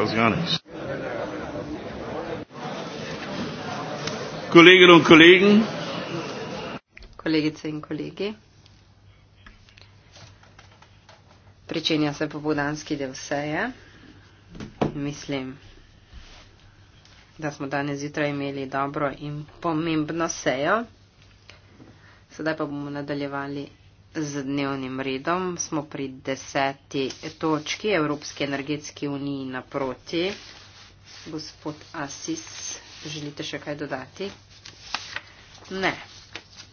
those gunnies. Kolleginnen und Kollegen. Kolegice in kolegi. Pričenja se popodanski del seje. Mislim, da smo danes zjutraj imeli dobro in pomembno sejo. Sedaj pa bomo nadaljevali z dnevnim redom, smo pri deseti točki Evropske energetske unije naproti. Gospod Asis, želite še kaj dodati? Ne.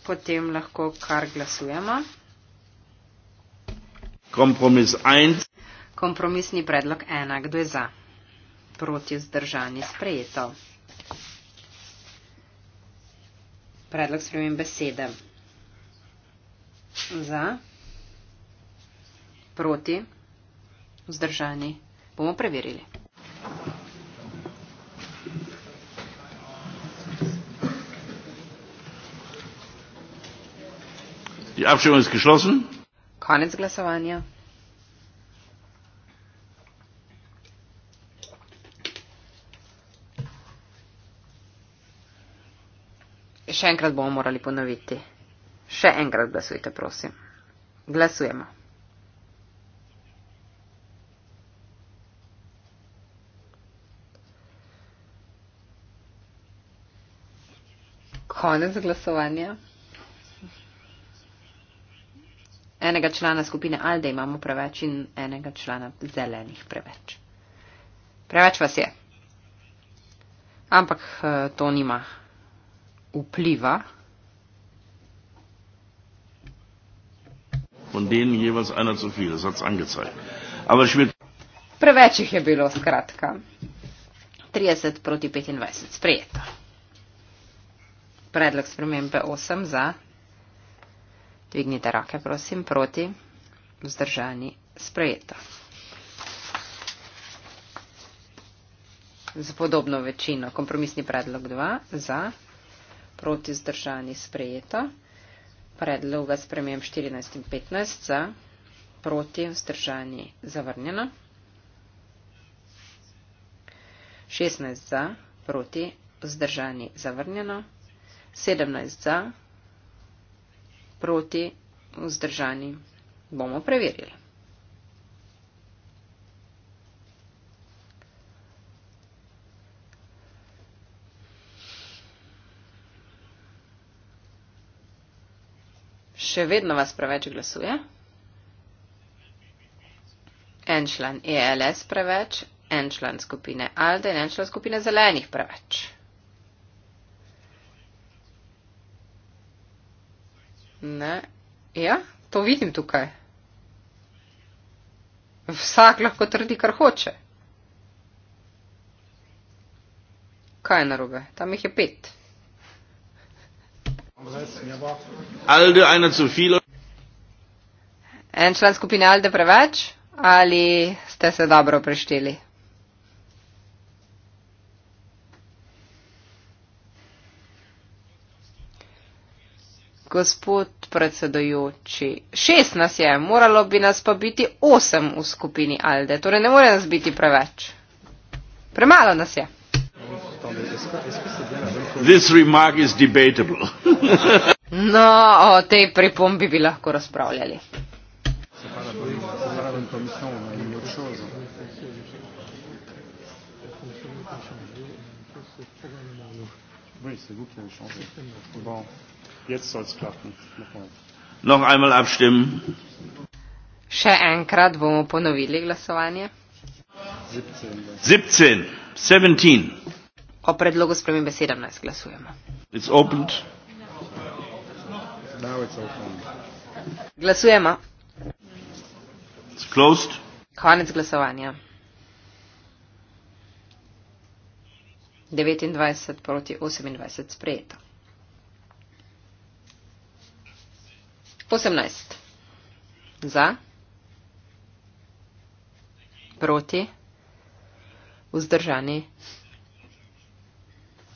Potem lahko kar glasujemo. Kompromis 1. Kompromisni predlog 1. Kdo je za? Proti vzdržani sprejeto. Predlog spremem besede za, proti, vzdržani. Bomo preverili. Konec glasovanja. Še enkrat bomo morali ponoviti. Še enkrat glasujte, prosim. Glasujemo. Konec glasovanja. Enega člana skupine Alde imamo preveč in enega člana zelenih preveč. Preveč vas je. Ampak eh, to nima vpliva. von denen jeweils einer zu viel. Das hat es angezeigt. Aber ich will. Preveč jih je bilo, skratka. 30 proti 25 sprejeto. Predlog spremembe 8 za. Dvignite roke, prosim, proti. Vzdržani sprejeto. Z podobno večino. Kompromisni predlog 2 za. Proti vzdržani sprejeto predloga spremem 14 in 15 za, proti, vzdržani, zavrnjeno. 16 za, proti, vzdržani, zavrnjeno. 17 za, proti, vzdržani, bomo preverili. še vedno vas preveč glasuje? En član ELS preveč, en član skupine ALDE in en član skupine zelenih preveč. Ne. Ja, to vidim tukaj. Vsak lahko trdi, kar hoče. Kaj je narobe? Tam jih je pet. Alde ena zu filo. En član skupine Alde preveč ali ste se dobro prešteli? Gospod predsedojoči, šest nas je, moralo bi nas pa biti osem v skupini Alde, torej ne more nas biti preveč. Premalo nas je. No, o tej pripombi bi lahko razpravljali. Še enkrat bomo ponovili glasovanje. 17. O predlogu spremembe 17 glasujemo. Glasujemo. Konec glasovanja. 29 proti 28 sprejeto. 18 za, proti, vzdržani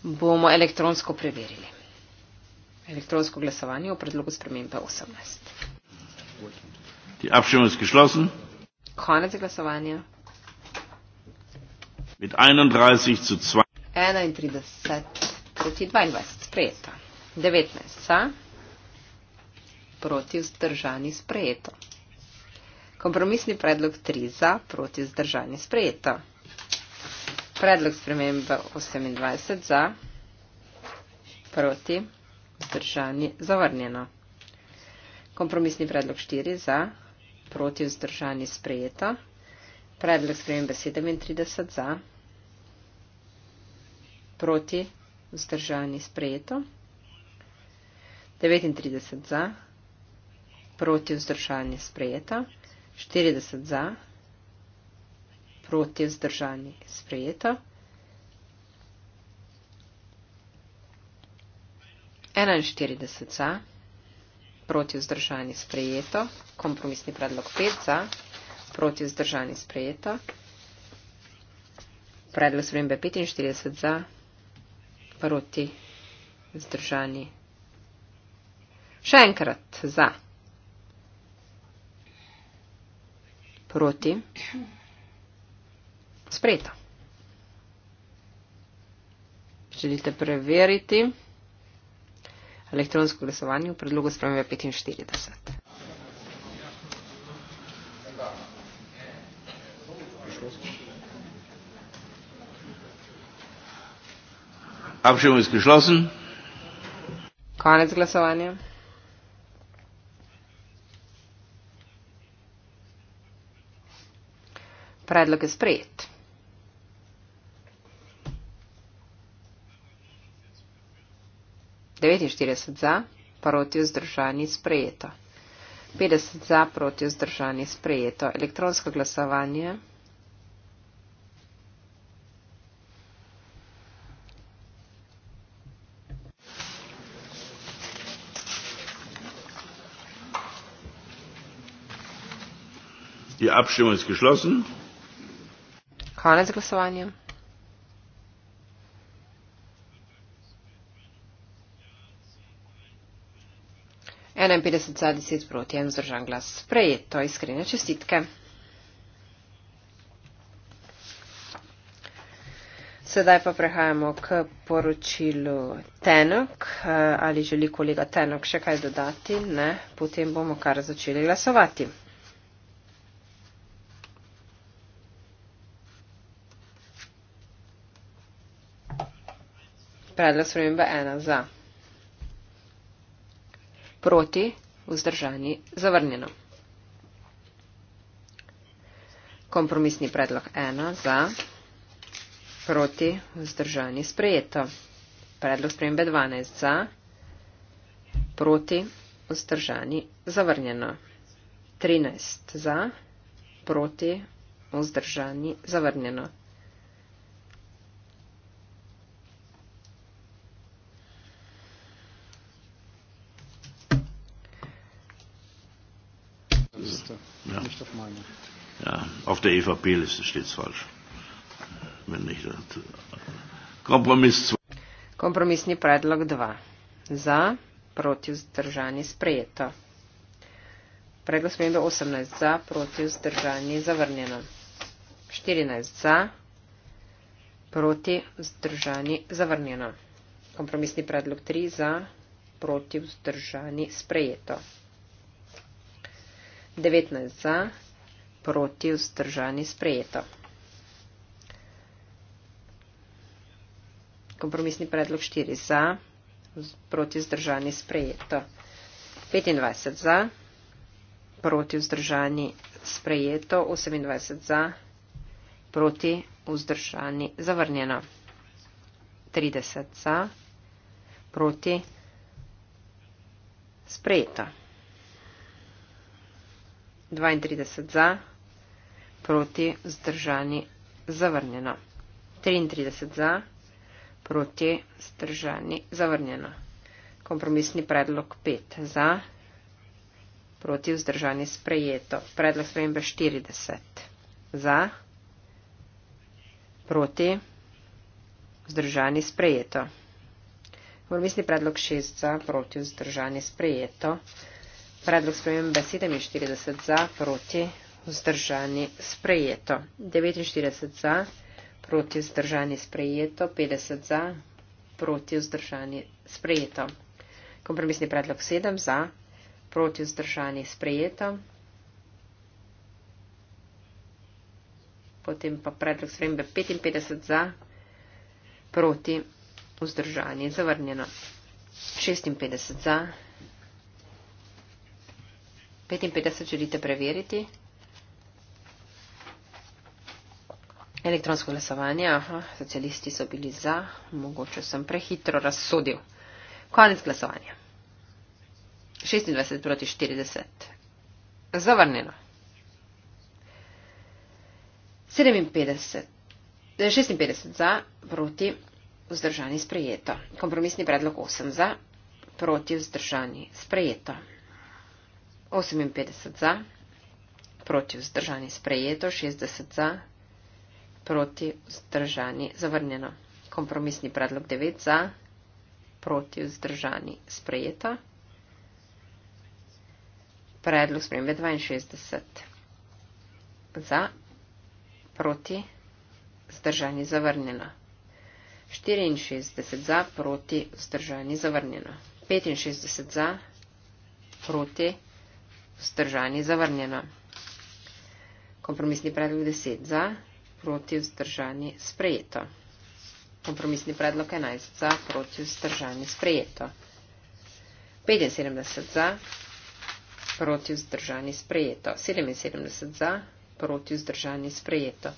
bomo elektronsko preverili. Elektronsko glasovanje o predlogu spremembe 18. Die Abstimmung ist geschlossen. Konec glasovanja. Mit 31 zu 2. 31 proti 22. Sprejeto. 19 za. Proti vzdržani sprejeto. Kompromisni predlog 3 za. Proti vzdržani sprejeto. Predlog spremembe 28 za, proti, vzdržani, zavrnjeno. Kompromisni predlog 4 za, proti, vzdržani, sprejeto. Predlog spremembe 37 za, proti, vzdržani, sprejeto. 39 za, proti, vzdržani, sprejeto. 40 za, nasprotje zdržani. Sprejeto. 41 za, proti vzdržani sprejeto, kompromisni predlog 5 za, proti vzdržani sprejeto, predlog spremembe 45 za, proti vzdržani. Še enkrat za, proti sprejeta. Želite preveriti elektronsko glasovanje v predlogu spremembe 45. Abšem izkušlosen. Konec glasovanja. Predlog je sprejet. 49 za, proti vzdržani sprejeto. 50 za, proti vzdržani sprejeto. Elektronsko glasovanje. Die Abstimmung ist geschlossen. Konec glasovanja. 51 za 10 proti 1 zdržan glas sprejet. To je iskrene čestitke. Sedaj pa prehajamo k poročilu Tenok. Eh, ali želi kolega Tenok še kaj dodati? Ne. Potem bomo kar začeli glasovati. Predlog spremembe 1 za proti, vzdržani, zavrnjeno. Kompromisni predlog 1 za, proti, vzdržani, sprejeto. Predlog spremembe 12 za, proti, vzdržani, zavrnjeno. 13 za, proti, vzdržani, zavrnjeno. 14. Ja, auf der EVP-Liste steht es falsch. Wenn nicht, Kompromiss 2. Kompromissni predlog 2. Za, proti vzdržani, sprejeto. Predlog smembe 18. Za, proti vzdržani, zavrnjeno. 14. Za, proti vzdržani, zavrnjeno. Kompromisni predlog 3. Za, proti vzdržani, sprejeto. 19. Za, proti vzdržani sprejeto. Kompromisni predlog 4 za, proti vzdržani sprejeto. 25 za, proti vzdržani sprejeto. 28 za, proti vzdržani zavrnjeno. 30 za, proti sprejeto. 32 za, proti, zdržani, zavrnjeno. 33 za, proti, zdržani, zavrnjeno. Kompromisni predlog 5 za, proti, zdržani, sprejeto. Predlog spremembe 40 za, proti, zdržani, sprejeto. Kompromisni predlog 6 za, proti, zdržani, sprejeto. Predlog spremembe 47 za, proti, vzdržani sprejeto. 49 za, proti vzdržani sprejeto, 50 za, proti vzdržani sprejeto. Kompromisni predlog 7 za, proti vzdržani sprejeto. Potem pa predlog spremembe 55 za, proti vzdržani zavrnjeno. 56 za. 55 želite preveriti. Elektronsko glasovanje, aha, socialisti so bili za, mogoče sem prehitro razsodil. Konec glasovanja. 26 proti 40. Zavrnjeno. 57, 56 eh, za, proti, vzdržani sprejeto. Kompromisni predlog 8 za, proti, vzdržani sprejeto. 58 za, proti, vzdržani sprejeto. 60 za, proti, vzdržani, zavrnjeno. Kompromisni predlog 9 za, proti, vzdržani, sprejeto. Predlog spremembe 62 za, proti, vzdržani, zavrnjeno. 64 za, proti, vzdržani, zavrnjeno. 65 za, proti, vzdržani, zavrnjeno. Kompromisni predlog 10 za, proti vzdržani sprejeto. Kompromisni predlog 11 za proti vzdržani sprejeto. 75 za proti vzdržani sprejeto. 77 za proti vzdržani sprejeto.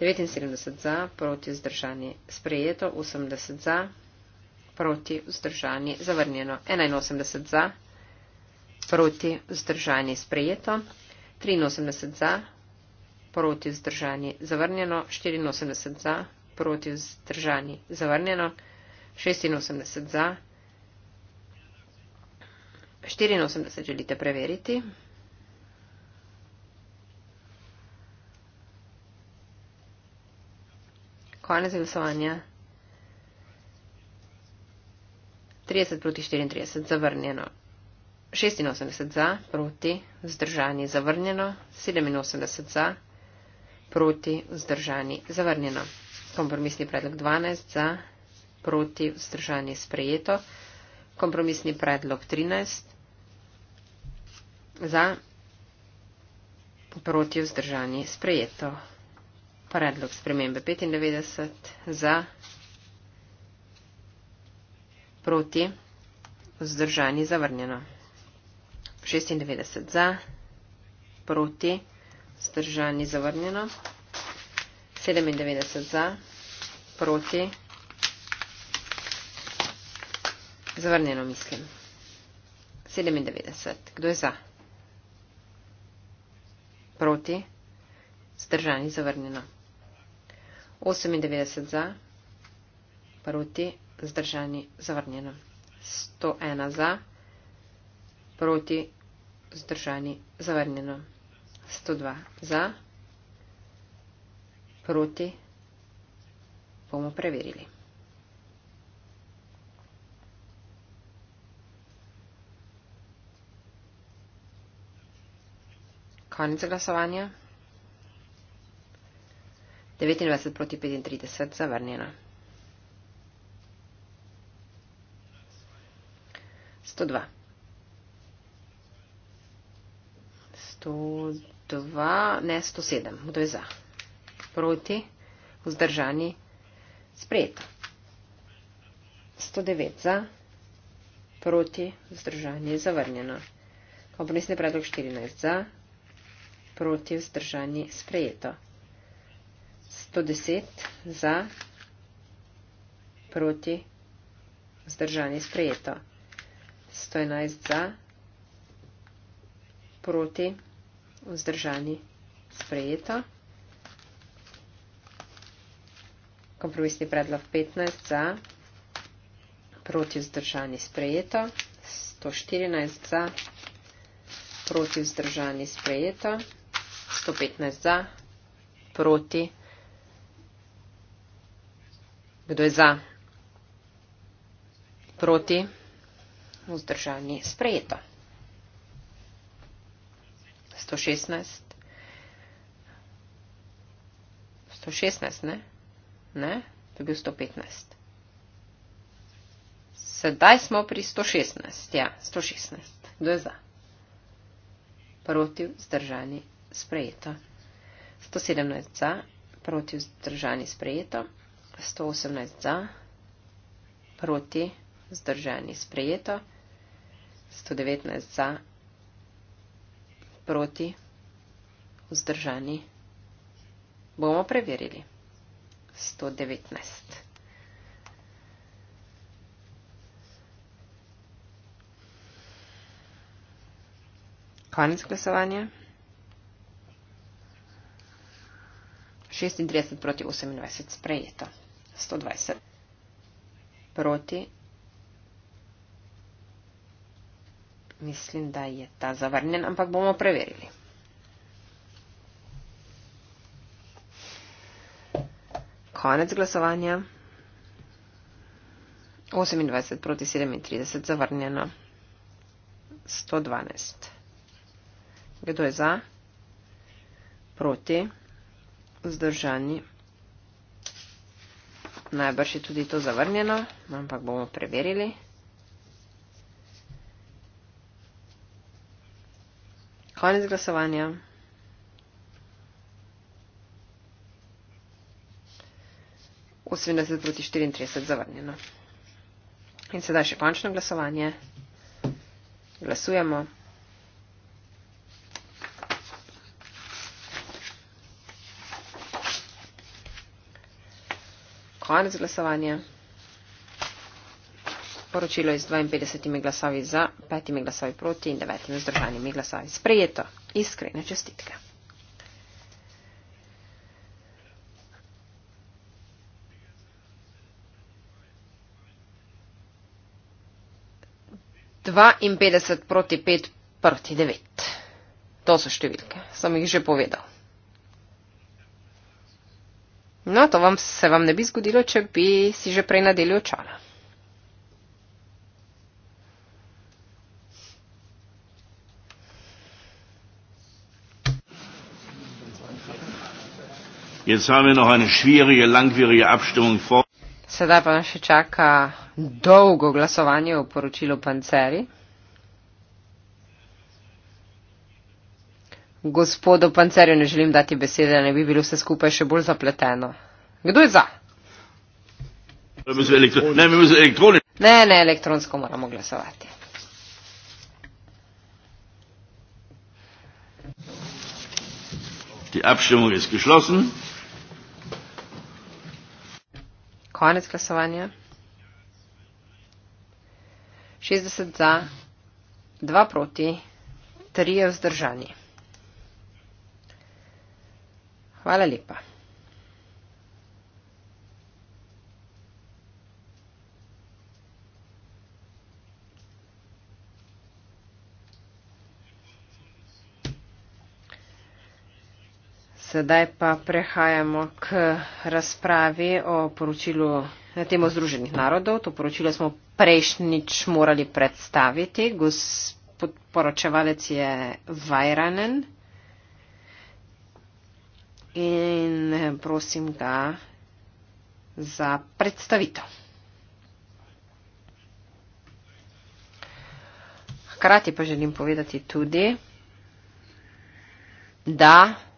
79 za proti vzdržani sprejeto. 80 za proti vzdržani zavrnjeno. 81 za proti vzdržani sprejeto. 83 za proti vzdržani zavrnjeno, 84 za, proti vzdržani zavrnjeno, 86 za, 84 želite preveriti. Konec glasovanja. 30 proti 34 zavrnjeno. 86 za, proti, vzdržani zavrnjeno, 87 za, proti vzdržani zavrnjeno. Kompromisni predlog 12 za proti vzdržani sprejeto. Kompromisni predlog 13 za proti vzdržani sprejeto. Predlog spremembe 95 za proti vzdržani zavrnjeno. 96 za proti vzdržani. Zdržani zavrnjeno. 97 za. Proti. Zavrnjeno mislim. 97. Kdo je za? Proti. Zdržani zavrnjeno. 98 za. Proti. Zdržani zavrnjeno. 101 za. Proti. Zdržani zavrnjeno. 102 za, proti, bomo preverili. Konec glasovanja. 29 proti 35 zavrnjeno. 102. 102. 2, ne 107, 2 za. Proti, vzdržani, sprejeto. 109 za, proti, vzdržani, zavrnjeno. Kompromisni predlog 14 za, proti, vzdržani, sprejeto. 110 za, proti, vzdržani, sprejeto. 111 za, proti, vzdržani, sprejeto vzdržani, sprejeto. Kompromisni predlog 15 za, proti vzdržani, sprejeto. 114 za, proti vzdržani, sprejeto. 115 za, proti. Kdo je za? Proti. Vzdržani, sprejeto. 116. 116, ne? Ne, to je bil 115. Sedaj smo pri 116, ja, 116. Kdo je za? Proti vzdržani sprejeto. 117 za, proti vzdržani sprejeto. 118 za, proti vzdržani sprejeto. 119 za, proti, vzdržani. Bomo preverili. 119. Konec glasovanja. 36 proti 28 sprejeto. 120 proti Mislim, da je ta zavrnjen, ampak bomo preverili. Konec glasovanja. 28 proti 37 zavrnjeno. 112. Kdo je za? Proti? Zdržani? Najbrž je tudi to zavrnjeno, ampak bomo preverili. Konec glasovanja. Osemdeset proti štiriintrideset zavrnjeno. In sedaj še končno glasovanje. Glasujemo. Konec glasovanja poročilo je z 52 glasovi za, 5 glasovi proti in 9 vzdržanimi glasovi. Sprejeto. Iskrene čestitke. Dva in petdeset proti pet proti devet. To so številke, sem jih že povedal. No, to vam, se vam ne bi zgodilo, če bi si že prej nadeli očala. Jetzt haben wir noch eine schwierige, langwierige Abstimmung vor. Sedaj pa nas še čaka dolgo glasovanje o poročilu Panceri. Gospodu Pancerju ne želim dati besede, da ne bi bilo vse skupaj še bolj zapleteno. Kdo je za? Ne, ne, elektronsko moramo glasovati. Die Abstimmung ist geschlossen. Konec glasovanja. 60 za, 2 proti, 3 vzdržani. Hvala lepa. Sedaj pa prehajamo k razpravi o poročilu na temo Združenih narodov. To poročilo smo prejšnjič morali predstaviti. Gospod poročevalec je Vajranen. In eh, prosim ga za predstavitev. Hkrati pa želim povedati tudi, da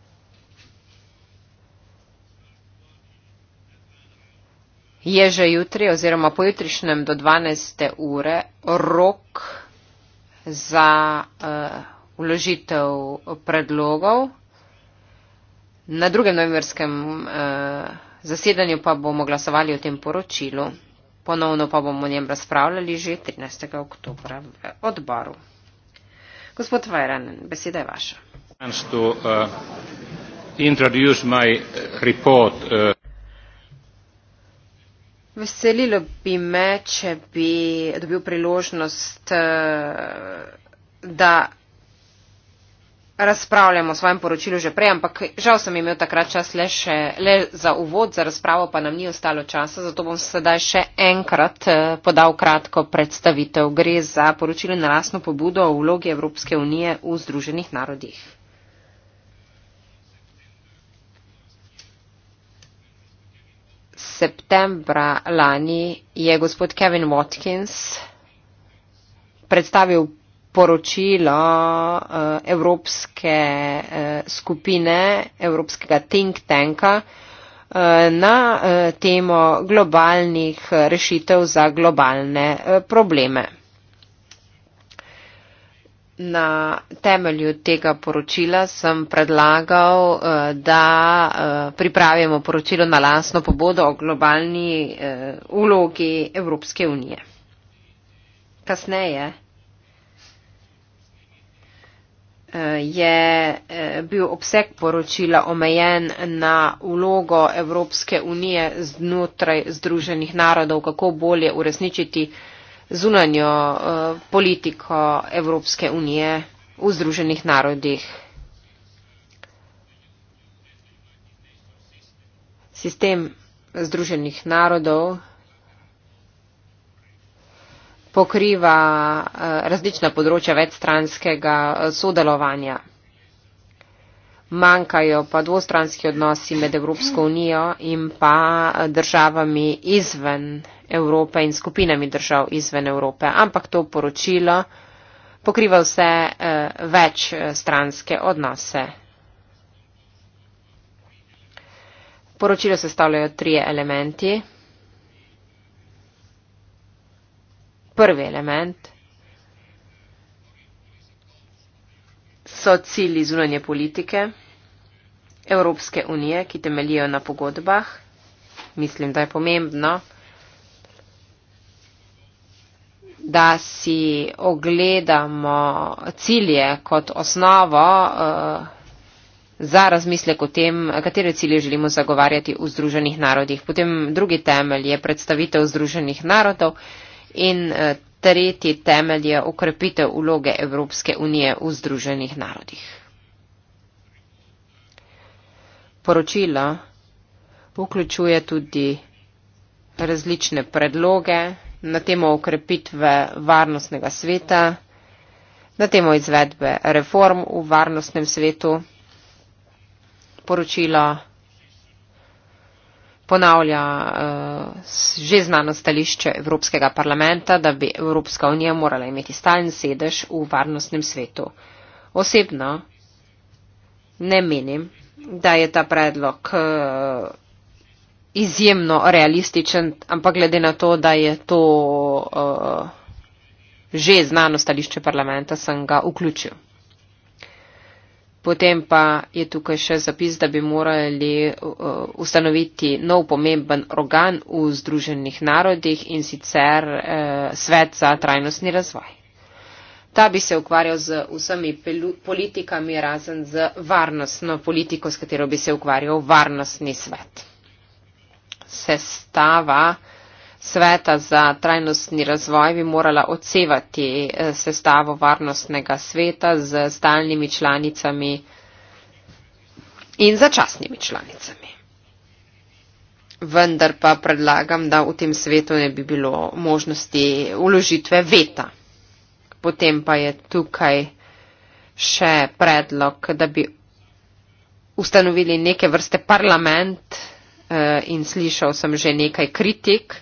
je že jutri oziroma pojutrišnjem do 12. ure rok za uh, eh, uložitev predlogov. Na drugem novembrskem uh, zasedanju pa bomo glasovali o tem poročilu. Ponovno pa bomo o njem razpravljali že 13. oktober v odboru. Gospod Vajran, beseda je vaša. To, uh, Veselilo bi me, če bi dobil priložnost, eh, da razpravljamo o svojem poročilu že prej, ampak žal sem imel takrat čas le, še, le za uvod, za razpravo pa nam ni ostalo časa, zato bom sedaj še enkrat eh, podal kratko predstavitev. Gre za poročilo na lasno pobudo o vlogi Evropske unije v Združenih narodih. septembra lani je gospod Kevin Watkins predstavil poročilo eh, Evropske eh, skupine, Evropskega think tanka eh, na temo globalnih rešitev za globalne probleme. Na temelju tega poročila sem predlagal, eh, da eh, pripravimo poročilo na lasno pobodo o globalni ulogi eh, Evropske unije. Kasneje je bil obseg poročila omejen na ulogo Evropske unije znotraj Združenih narodov, kako bolje uresničiti zunanjo eh, politiko Evropske unije v Združenih narodih. Sistem Združenih narodov pokriva eh, različna področja večstranskega eh, sodelovanja. Manjkajo pa dvostranski odnosi med Evropsko unijo in pa državami izven Evrope in skupinami držav izven Evrope, ampak to poročilo pokriva vse eh, več eh, stranske odnose. Poročilo sestavljajo trije elementi. Prvi element so cilji zunanje politike Evropske unije, ki temelijo na pogodbah. Mislim, da je pomembno, da si ogledamo cilje kot osnovo eh, za razmislek o tem, katere cilje želimo zagovarjati v Združenih narodih. Potem drugi temelj je predstavitev Združenih narodov in eh, tretji temelj je ukrepitev uloge Evropske unije v Združenih narodih. Poročilo vključuje tudi različne predloge, na temo okrepitve varnostnega sveta, na temo izvedbe reform v varnostnem svetu. Poročilo ponavlja eh, že znano stališče Evropskega parlamenta, da bi Evropska unija morala imeti stalen sedež v varnostnem svetu. Osebno ne menim, da je ta predlog eh, izjemno realističen, ampak glede na to, da je to uh, že znano stališče parlamenta, sem ga vključil. Potem pa je tukaj še zapis, da bi morali uh, ustanoviti nov pomemben organ v Združenih narodih in sicer uh, svet za trajnostni razvoj. Ta bi se ukvarjal z vsemi politikami, razen z varnostno politiko, s katero bi se ukvarjal varnostni svet sestava sveta za trajnostni razvoj bi morala odsevati eh, sestavo varnostnega sveta z stalnimi članicami in začasnimi članicami. Vendar pa predlagam, da v tem svetu ne bi bilo možnosti uložitve veta. Potem pa je tukaj še predlog, da bi ustanovili neke vrste parlament Eh, in slišal sem že nekaj kritik.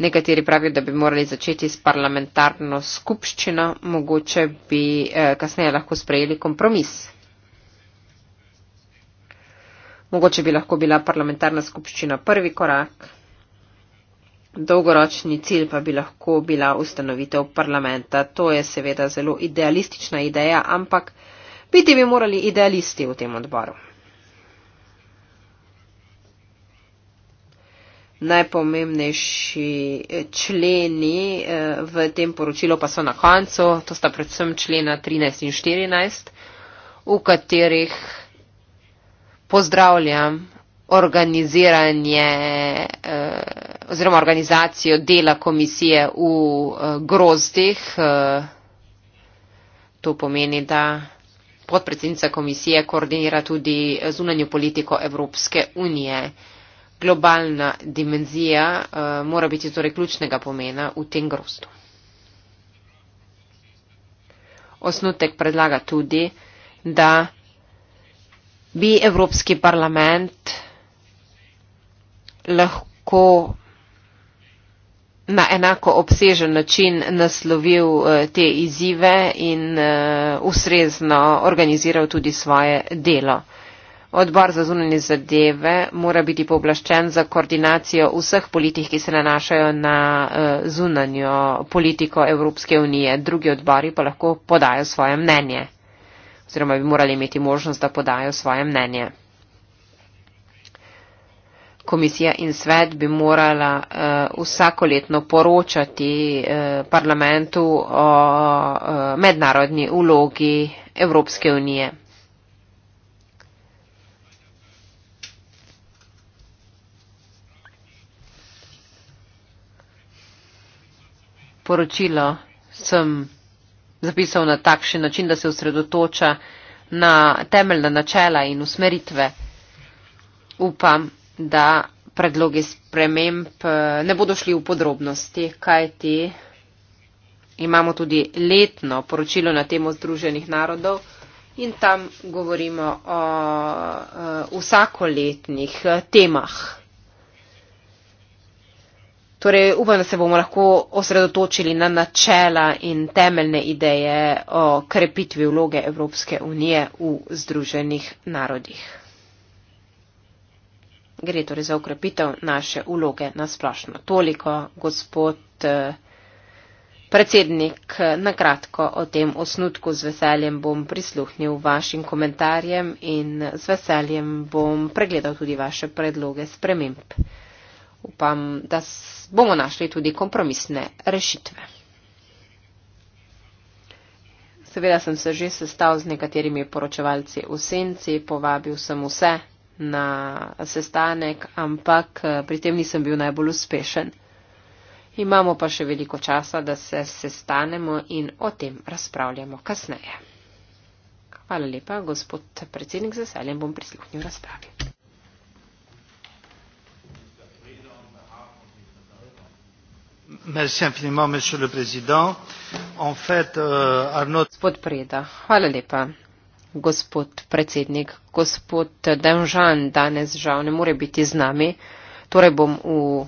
Nekateri pravijo, da bi morali začeti s parlamentarno skupščino, mogoče bi eh, kasneje lahko sprejeli kompromis. Mogoče bi lahko bila parlamentarna skupščina prvi korak, dolgoročni cilj pa bi lahko bila ustanovitev parlamenta. To je seveda zelo idealistična ideja, ampak biti bi morali idealisti v tem odboru. najpomembnejši eh, členi eh, v tem poročilu pa so na koncu, to sta predvsem člena 13 in 14, v katerih pozdravljam organiziranje eh, oziroma organizacijo dela komisije v grozdih. To pomeni, da podpredsednica komisije koordinira tudi zunanjo politiko Evropske unije globalna dimenzija uh, mora biti torej ključnega pomena v tem grostu. Osnutek predlaga tudi, da bi Evropski parlament lahko na enako obsežen način naslovil eh, te izzive in eh, ustrezno organiziral tudi svoje delo. Odbor za zunanje zadeve mora biti povlaščen za koordinacijo vseh politik, ki se nanašajo na eh, zunanjo politiko Evropske unije. Drugi odbori pa lahko podajo svoje mnenje oziroma bi morali imeti možnost, da podajo svoje mnenje. Komisija in svet bi morala uh, vsakoletno poročati uh, parlamentu o uh, mednarodni ulogi Evropske unije. poročilo sem zapisal na takšen način, da se osredotoča na temeljna načela in usmeritve. Upam, da predlogi sprememb eh, ne bodo šli v podrobnosti, kajti imamo tudi letno poročilo na temo Združenih narodov in tam govorimo o eh, vsakoletnih eh, temah. Torej, upam, da se bomo lahko osredotočili na načela in temeljne ideje o krepitvi vloge Evropske unije v Združenih narodih. Gre torej za ukrepitev naše vloge na splošno. Toliko, gospod eh, predsednik, na kratko o tem osnutku z veseljem bom prisluhnil vašim komentarjem in z veseljem bom pregledal tudi vaše predloge sprememb upam, da bomo našli tudi kompromisne rešitve. Seveda sem se že sestal z nekaterimi poročevalci v senci, povabil sem vse na sestanek, ampak eh, pri tem nisem bil najbolj uspešen. Imamo pa še veliko časa, da se sestanemo in o tem razpravljamo kasneje. Hvala lepa, gospod predsednik, z veseljem bom prisluhnil razpravi. Euh, gospod Preda, hvala lepa. Gospod predsednik, gospod Denžan danes žal ne more biti z nami, torej bom v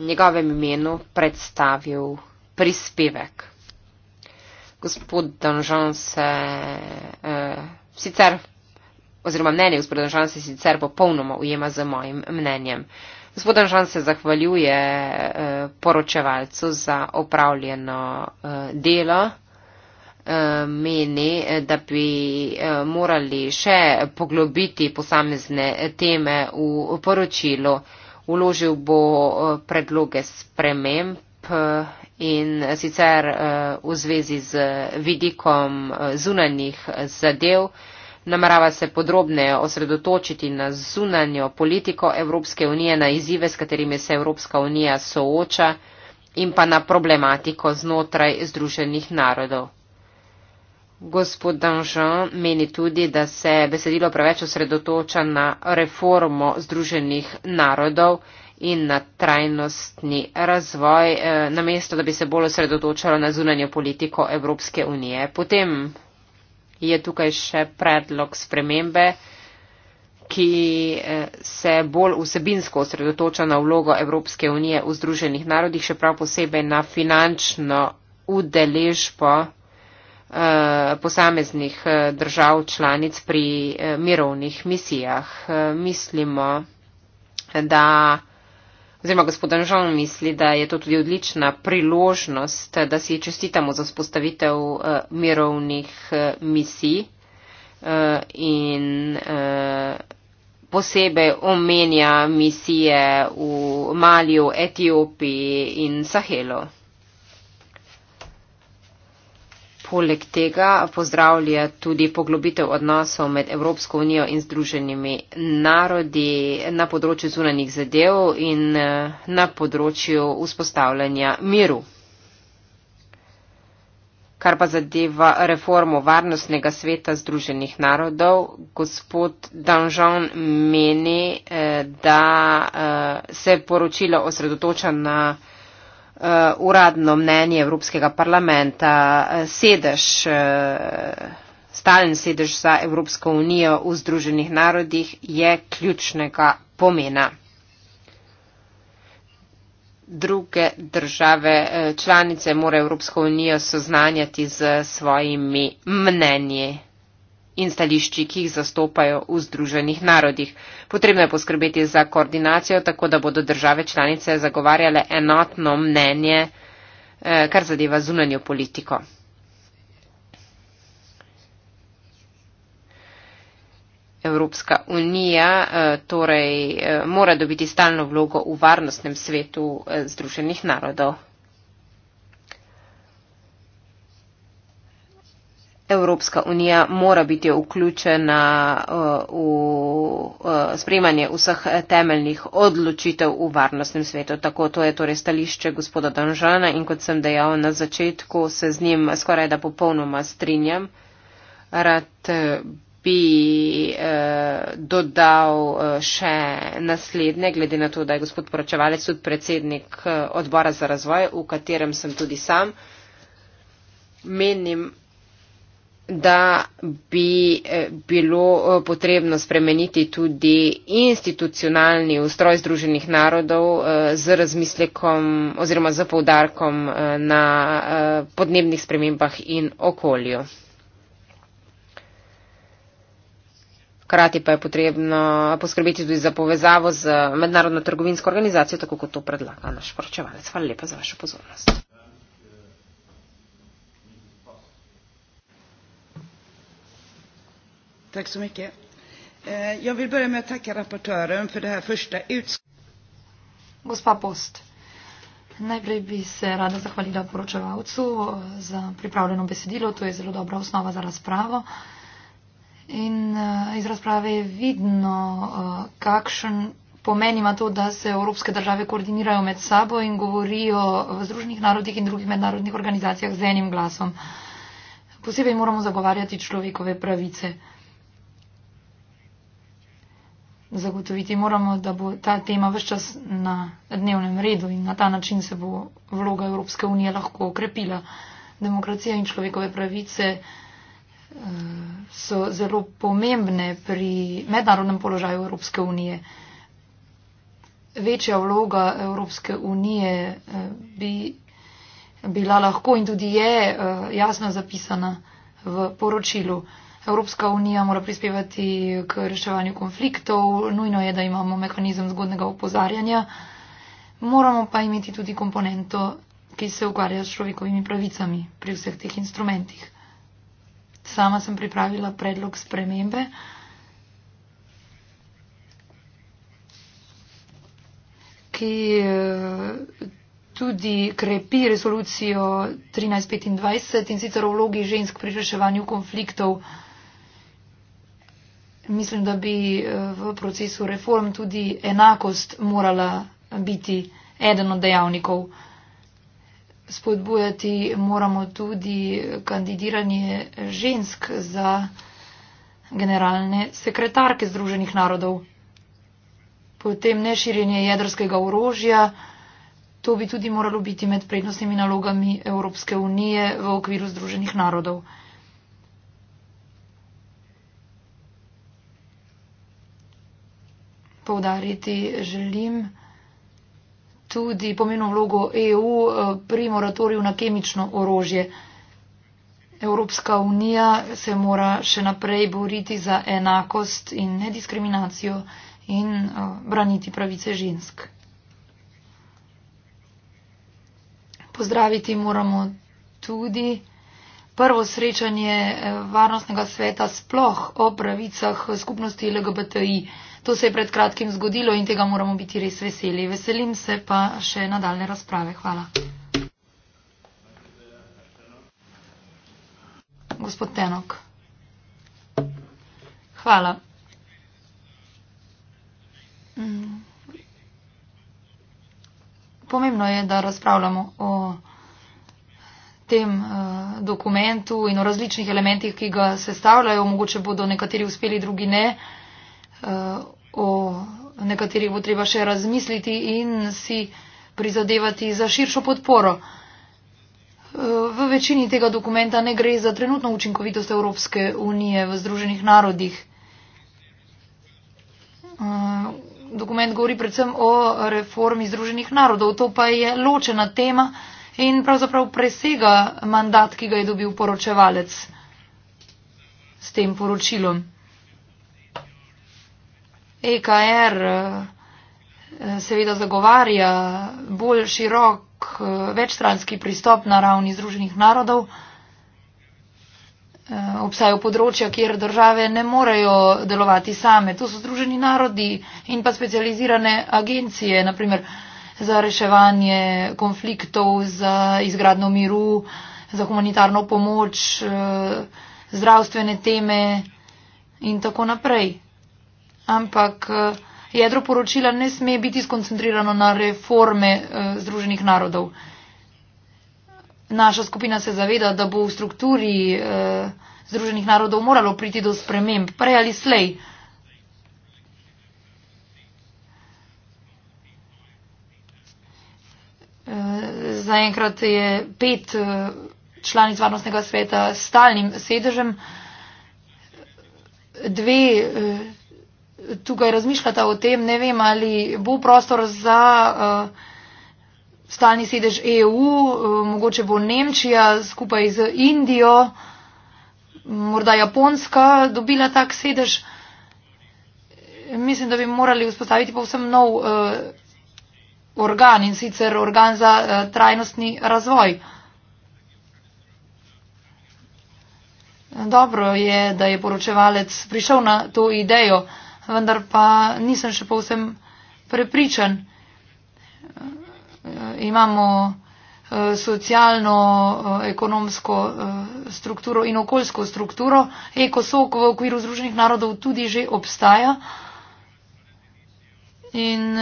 njegovem imenu predstavil prispevek. Gospod Denžan se eh, sicer, oziroma mnenje gospoda Denžan se sicer popolnoma ujema z mojim mnenjem. Eh, Gospodan Žan se zahvaljuje eh, poročevalcu za opravljeno eh, delo. Eh, meni, da bi morali še poglobiti posamezne teme v poročilu. Uložil bo predloge sprememb in sicer v zvezi z vidikom zunanjih zadev namerava se podrobneje osredotočiti na zunanjo politiko Evropske unije, na izzive, s katerimi se Evropska unija sooča in pa na problematiko znotraj Združenih narodov. Gospod Danžan meni tudi, da se besedilo preveč osredotoča na reformo Združenih narodov in na trajnostni razvoj, eh, namesto da bi se bolj osredotočalo na zunanjo politiko Evropske unije. Potem je tukaj še predlog spremembe, ki eh, se bolj vsebinsko osredotoča na vlogo Evropske unije v Združenih narodih, še prav posebej na finančno udeležbo eh, posameznih eh, držav članic pri mirovnih misijah. Mislimo, da oziroma gospod Anžal misli, da je to tudi odlična priložnost, da si čestitamo za spostavitev uh, eh, mirovnih uh, misij uh, in uh, posebej omenja misije v Malju, Etiopiji in Sahelu. poleg tega pozdravlja tudi poglobitev odnosov med Evropsko unijo in združenimi narodi na področju zunanih zadev in eh, na področju vzpostavljanja miru. Kar pa zadeva reformo Varnostnega sveta združenih narodov, gospod Danžon meni, eh, da eh, se poročilo osredotoča na uh, uradno mnenje Evropskega parlamenta eh, sedež, uh, stalen sedež za Evropsko unijo v Združenih narodih je ključnega pomena. Druge države članice morajo Evropsko unijo seznanjati z svojimi mnenji in stališči, ki jih zastopajo v Združenih narodih. Potrebno je poskrbeti za koordinacijo, tako da bodo države članice zagovarjale enotno mnenje, eh, kar zadeva zunanjo politiko. Evropska unija eh, torej eh, mora dobiti stalno vlogo v varnostnem svetu Združenih narodov. Evropska unija mora biti vključena uh, v uh, sprejmanje vseh temeljnih odločitev v varnostnem svetu. Tako to je torej stališče gospoda Danžana in kot sem dejal na začetku, se z njim skoraj da popolnoma strinjam. Rad eh, bi uh, dodal eh, še naslednje, glede na to, da je gospod poročevalec tudi predsednik odbora za razvoj, v katerem sem tudi sam. Menim, da bi eh, bilo eh, potrebno spremeniti tudi institucionalni ustroj Združenih narodov eh, z razmislekom oziroma z poudarkom na podnebnih spremembah in okolju. Hkrati pa je potrebno poskrbeti tudi za povezavo z mednarodno trgovinsko organizacijo, tako kot to predlaga naš poročevalec. Hvala lepa za vašo pozornost. Tack så mycket. Eh, jag vill börja med att tacka rapportören för det här första utskottet. Najprej bi se rada zahvalila poročevalcu eh, za pripravljeno besedilo, to je zelo dobra osnova za razpravo. In eh, iz razprave je vidno, kakšen pomen ima to, da se evropske države koordinirajo med sabo in govorijo v Združenih narodih in drugih mednarodnih organizacijah z enim glasom. Posebej moramo zagovarjati človekove pravice zagotoviti. Moramo, da bo ta tema vse čas na dnevnem redu in na ta način se bo vloga Evropske unije lahko okrepila. Demokracija in človekove pravice eh, so zelo pomembne pri mednarodnem položaju Evropske unije. Večja vloga Evropske unije eh, bi bila lahko in tudi je eh, jasno zapisana v poročilu. Evropska unija mora prispevati k reševanju konfliktov, nujno je, da imamo mehanizem zgodnega opozarjanja, moramo pa imeti tudi komponento, ki se ukvarja s človekovimi pravicami pri vseh teh instrumentih. Sama sem pripravila predlog spremembe. ki eh, tudi krepi resolucijo 1325 in sicer o vlogi žensk pri reševanju konfliktov mislim, da bi eh, v procesu reform tudi enakost morala biti eden od dejavnikov. Spodbujati moramo tudi kandidiranje žensk za generalne sekretarke Združenih narodov. Potem neširjenje jedrskega orožja, to bi tudi moralo biti med prednostnimi nalogami Evropske unije v okviru Združenih narodov. poudariti, želim tudi pomeno vlogo EU eh, pri moratoriju na kemično orožje. Evropska unija se mora še naprej boriti za enakost in nediskriminacijo in eh, braniti pravice žensk. Pozdraviti moramo tudi prvo srečanje eh, Varnostnega sveta sploh o pravicah skupnosti LGBTI. To se je pred kratkim zgodilo in tega moramo biti res veseli. Veselim se pa še nadaljne razprave. Hvala. Gospod Tenok. Hvala. Pomembno je, da razpravljamo o tem uh, dokumentu in o različnih elementih, ki ga sestavljajo. Mogoče bodo nekateri uspeli, drugi ne. Uh, Eh, o nekaterih bo treba še razmisliti in si prizadevati za širšo podporo. Eh, v večini tega dokumenta ne gre za trenutno učinkovitost Evropske unije v Združenih narodih. Eh, dokument govori predvsem o reformi Združenih narodov, to pa je ločena tema in pravzaprav presega mandat, ki ga je dobil poročevalec s tem poročilom. EKR eh, seveda zagovarja bolj širok eh, večstranski pristop na ravni Združenih narodov. Eh, obstajajo področja, kjer države ne morejo delovati same. To so Združeni narodi in pa specializirane agencije, naprimer za reševanje konfliktov, za izgradno miru, za humanitarno pomoč, zdravstvene teme in tako naprej ampak eh, jedro poročila ne sme biti skoncentrirano na reforme eh, Združenih narodov. Naša skupina se zaveda, da bo v strukturi eh, Združenih narodov moralo priti do sprememb, prej ali slej. Zaenkrat je pet članic varnostnega sveta s stalnim sedežem, dve tukaj razmišljata o tem, ne vem, ali bo prostor za uh, stalni sedež EU, uh, eh, mogoče bo Nemčija skupaj z Indijo, morda Japonska dobila tak sedež. Mislim, da bi morali vzpostaviti povsem nov uh, organ in sicer organ za uh, trajnostni razvoj. Dobro je, da je poročevalec prišel na to idejo. Uh, vendar pa nisem še povsem prepričan. Eh, imamo eh, socialno, eh, ekonomsko strukturo in okoljsko strukturo. Ekosok v okviru Združenih narodov tudi že obstaja. In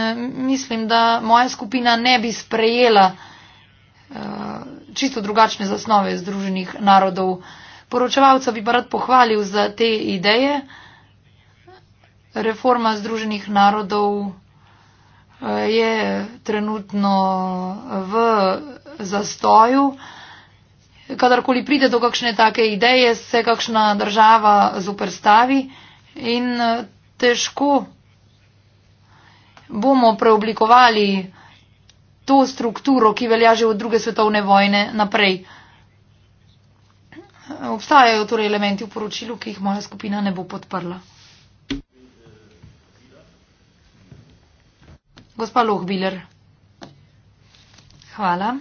mislim, da moja skupina ne bi sprejela čisto drugačne zasnove Združenih narodov. Poročevalca bi pa rad pohvalil za te ideje. Reforma Združenih narodov eh, je trenutno eh, v zastoju. Kadarkoli pride do kakšne take ideje, se kakšna država zoprstavi in eh, težko bomo preoblikovali to strukturo, ki velja že od druge svetovne vojne naprej. Obstajajo torej elementi v poročilu, ki jih moja skupina ne bo podprla. Gospa Lohbiler. Hvala.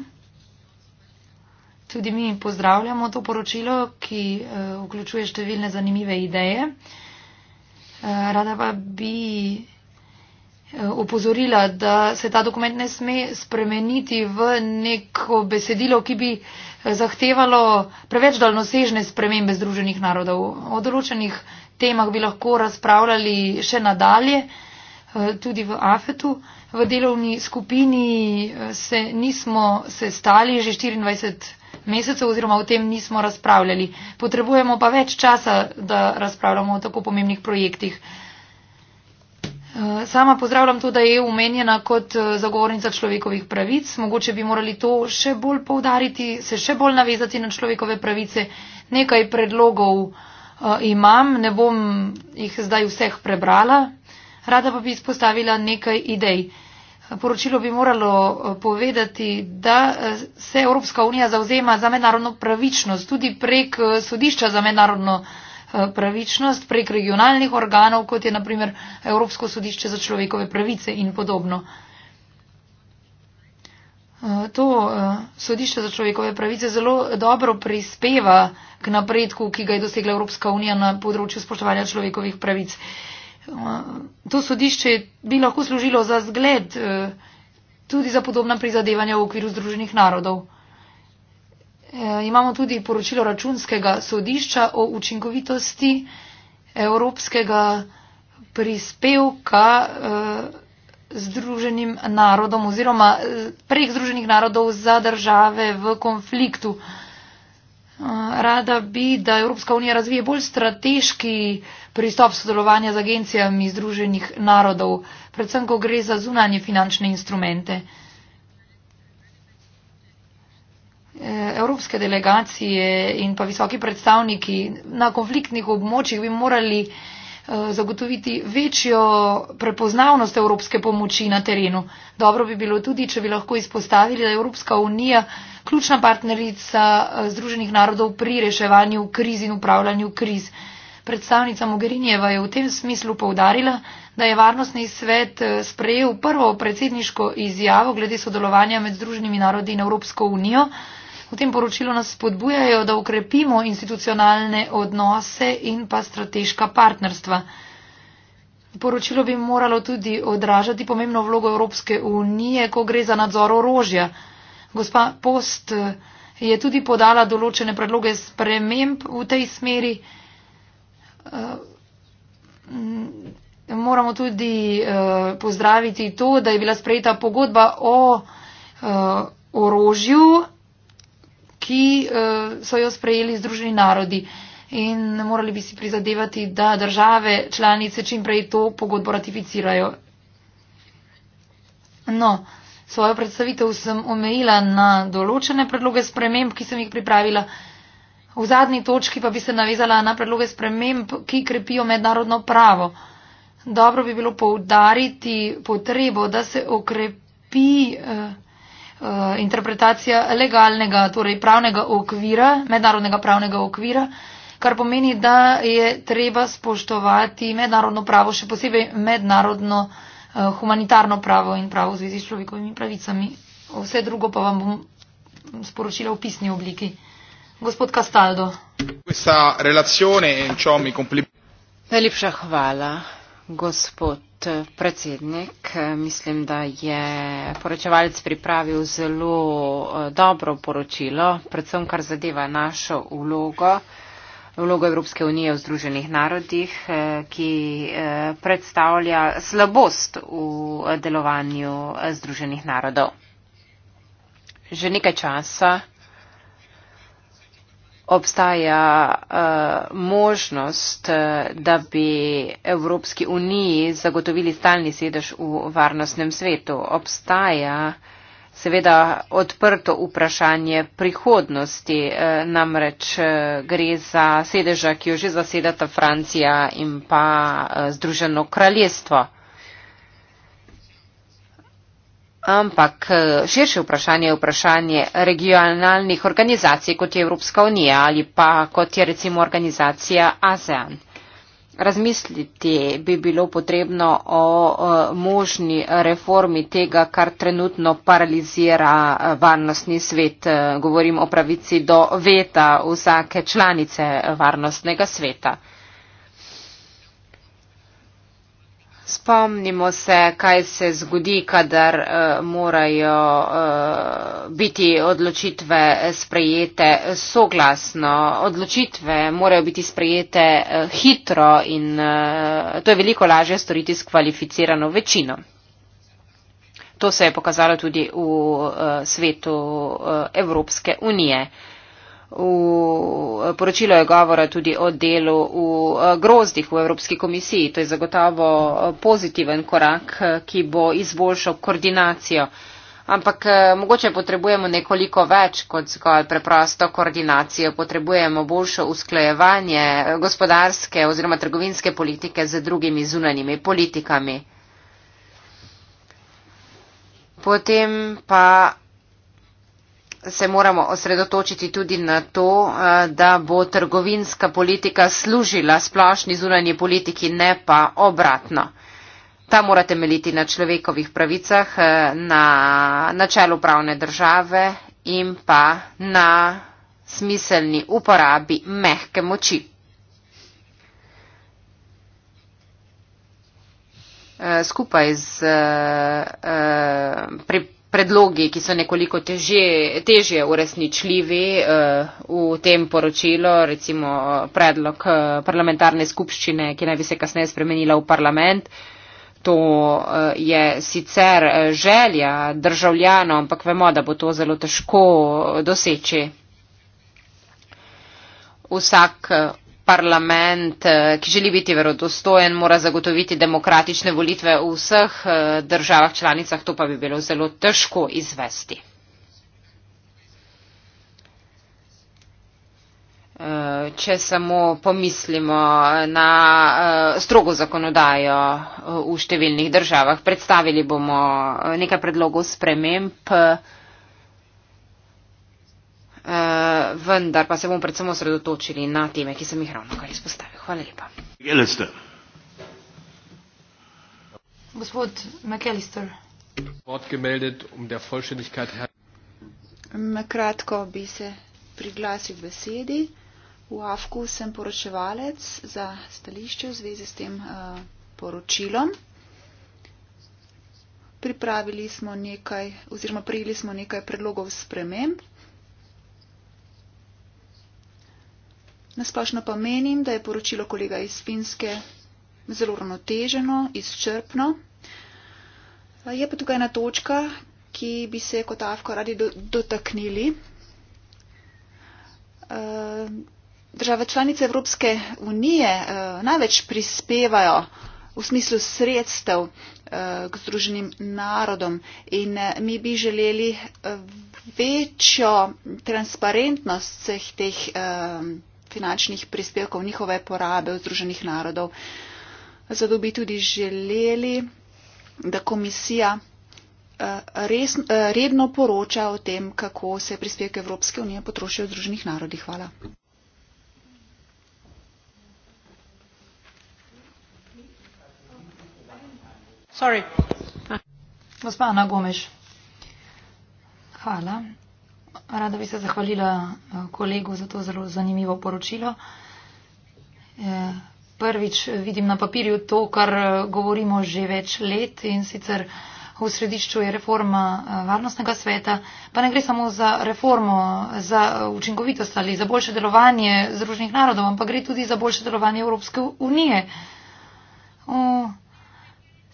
Tudi mi pozdravljamo to poročilo, ki uh, vključuje številne zanimive ideje. Uh, rada pa bi eh, opozorila, da se ta dokument ne sme spremeniti v neko besedilo, ki bi zahtevalo preveč daljnosežne spremembe Združenih narodov. O določenih temah bi lahko razpravljali še nadalje. Uh, Eh, tudi v AFET-u. V delovni skupini eh, se nismo sestali že 24 mesecev oziroma o tem nismo razpravljali. Potrebujemo pa več časa, da razpravljamo o tako pomembnih projektih. Eh, sama pozdravljam to, da je e umenjena kot zagovornica človekovih pravic. Mogoče bi morali to še bolj povdariti, se še bolj navezati na človekove pravice. Nekaj predlogov imam, ne bom jih zdaj vseh prebrala. Rada pa bi izpostavila nekaj idej. Poročilo bi moralo eh, povedati, da eh, se Evropska unija zauzema za mednarodno pravičnost tudi prek eh, sodišča za mednarodno pravičnost, prek regionalnih organov, kot je naprimer Evropsko sodišče za človekove pravice in podobno. To sodišče za človekove pravice zelo dobro prispeva k napredku, ki ga je dosegla Evropska unija na področju spoštovanja človekovih pravic. To sodišče bi lahko služilo za zgled eh, tudi za podobna prizadevanja v okviru Združenih narodov. Eh, imamo tudi poročilo računskega sodišča o učinkovitosti evropskega prispevka eh, Združenim narodom oziroma prek Združenih narodov za države v konfliktu. Rada bi, da Evropska unija razvije bolj strateški pristop sodelovanja z agencijami Združenih narodov, predvsem, ko gre za zunanje finančne instrumente. E, evropske delegacije in pa visoki predstavniki na konfliktnih območjih bi morali e, zagotoviti večjo prepoznavnost evropske pomoči na terenu. Dobro bi bilo tudi, če bi lahko izpostavili, da je Evropska unija ključna partnerica e, Združenih narodov pri reševanju kriz in upravljanju kriz. Predstavnica Mogherinjeva je v tem smislu povdarila, da je varnostni svet eh, sprejel prvo predsedniško izjavo glede sodelovanja med Združenimi narodi in Evropsko unijo. V tem poročilu nas spodbujajo, da ukrepimo institucionalne odnose in pa strateška partnerstva. Poročilo bi moralo tudi odražati pomembno vlogo Evropske unije, ko gre za nadzor orožja. Gospa Post eh, je tudi podala določene predloge sprememb v tej smeri. Eh, mm, moramo tudi eh, pozdraviti to, da je bila sprejeta pogodba o eh, orožju, ki so jo sprejeli Združeni narodi. In morali bi si prizadevati, da države članice čim prej to pogodbo ratificirajo. No, svojo predstavitev sem omejila na določene predloge sprememb, ki sem jih pripravila. V zadnji točki pa bi se navezala na predloge sprememb, ki krepijo mednarodno pravo. Dobro bi bilo poudariti potrebo, da se okrepi uh, uh, interpretacija legalnega, torej pravnega okvira, mednarodnega pravnega okvira, kar pomeni, da je treba spoštovati mednarodno pravo, še posebej mednarodno uh, humanitarno pravo in pravo v zvezi s človekovimi pravicami. Vse drugo pa vam bom sporočila v pisni obliki. Gospod Castaldo. Questa relazione e in ciò mi complimento. Najlepša hvala, gospod predsednik. Mislim, da je poročevalec pripravil zelo eh, dobro poročilo, predvsem kar zadeva našo vlogo, vlogo Evropske unije v Združenih narodih, eh, ki eh, predstavlja slabost v delovanju Združenih narodov. Že nekaj časa obstaja uh, možnost, eh, da bi Evropski uniji zagotovili stalni sedež v varnostnem svetu. Obstaja seveda odprto vprašanje prihodnosti, uh, namreč uh, gre za sedeža, ki jo že zasedata Francija in pa uh, Združeno kraljestvo. Uh, Ampak eh, širše vprašanje je vprašanje regionalnih organizacij, kot je Evropska unija ali pa kot je recimo organizacija ASEAN. Razmisliti bi bilo potrebno o eh, možni reformi tega, kar trenutno paralizira eh, varnostni svet. Govorim o pravici do veta vsake članice varnostnega sveta. Spomnimo se, kaj se zgodi, kadar uh, morajo uh, biti odločitve sprejete soglasno. Odločitve morajo biti sprejete uh, hitro in uh, to je veliko lažje storiti s kvalificirano večino. To se je pokazalo tudi v uh, svetu uh, Evropske unije. Uh, V poročilo je govora tudi o delu v eh, grozdih v Evropski komisiji. To je zagotovo eh, pozitiven korak, eh, ki bo izboljšal koordinacijo. Ampak mogoče potrebujemo nekoliko več kot zgolj preprosto koordinacijo. Potrebujemo boljšo usklajevanje gospodarske oziroma trgovinske politike z drugimi zunanimi politikami. Potem pa se moramo osredotočiti tudi na to, eh, da bo trgovinska politika služila splošni zunanji politiki, ne pa obratno. Ta mora temeljiti na človekovih pravicah, eh, na načelu pravne države in pa na smiselni uporabi mehke moči. Eh, skupaj z pripravljanjem predlogi, ki so nekoliko težje, težje uresničljivi uh, v tem poročilu, recimo eh, predlog uh, parlamentarne skupščine, ki naj bi se kasneje spremenila v parlament. To uh, je sicer želja državljanov, ampak vemo, da bo to zelo težko doseči. Vsak parlament, eh, ki želi biti verodostojen, mora zagotoviti demokratične volitve v vseh eh, državah članicah, to pa bi bilo zelo težko izvesti. Eh, če samo pomislimo na strogo zakonodajo v številnih državah, predstavili bomo nekaj predlogov sprememb uh, vendar pa se bomo predvsem osredotočili na teme, ki sem jih ravno kar izpostavil. Hvala lepa. McAllister. Gospod McAllister. Um na kratko bi se priglasil besedi. V Afku sem poročevalec za stališče v zvezi s tem uh, poročilom. Pripravili smo nekaj, oziroma prijeli smo nekaj predlogov sprememb. Nasplošno pa menim, da je poročilo kolega iz Finske zelo ravnoteženo, izčrpno. Je pa tukaj ena točka, ki bi se kot avko radi do, dotaknili. Države članice Evropske unije največ prispevajo v smislu sredstev k združenim narodom in mi bi želeli večjo transparentnost vseh teh finančnih prispevkov njihove porabe v Združenih narodov. Zato bi tudi želeli, da komisija eh, res, eh, redno poroča o tem, kako se prispevke Evropske unije potrošijo v Združenih narodih. Hvala. Gospa Ana Gomeš. Hvala. Rada bi se zahvalila eh, kolegu za to zelo zanimivo poročilo. Eh, prvič eh, vidim na papirju to, kar govorimo že več let in sicer v središču je reforma varnostnega sveta, pa ne gre samo za reformo, za učinkovitost ali za boljše delovanje Združenih narodov, ampak gre tudi za boljše delovanje Evropske unije. V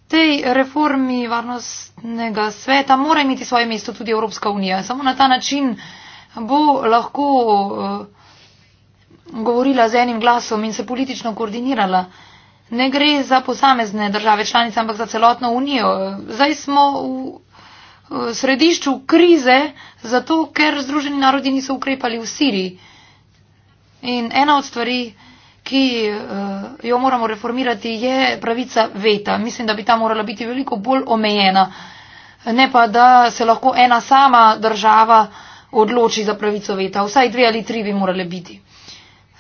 tej reformi varnostnega sveta mora imeti svoje mesto tudi Evropska unija. Samo na ta način bo lahko eh, govorila z enim glasom in se politično koordinirala. Ne gre za posamezne države članice, ampak za celotno unijo. Zdaj smo v eh, središču krize, zato ker Združeni narodi niso ukrepali v Siriji. In ena od stvari, ki eh, jo moramo reformirati, je pravica veta. Mislim, da bi ta morala biti veliko bolj omejena. Ne pa, da se lahko ena sama država odloči za pravico veta. Vsaj dve ali tri bi morale biti.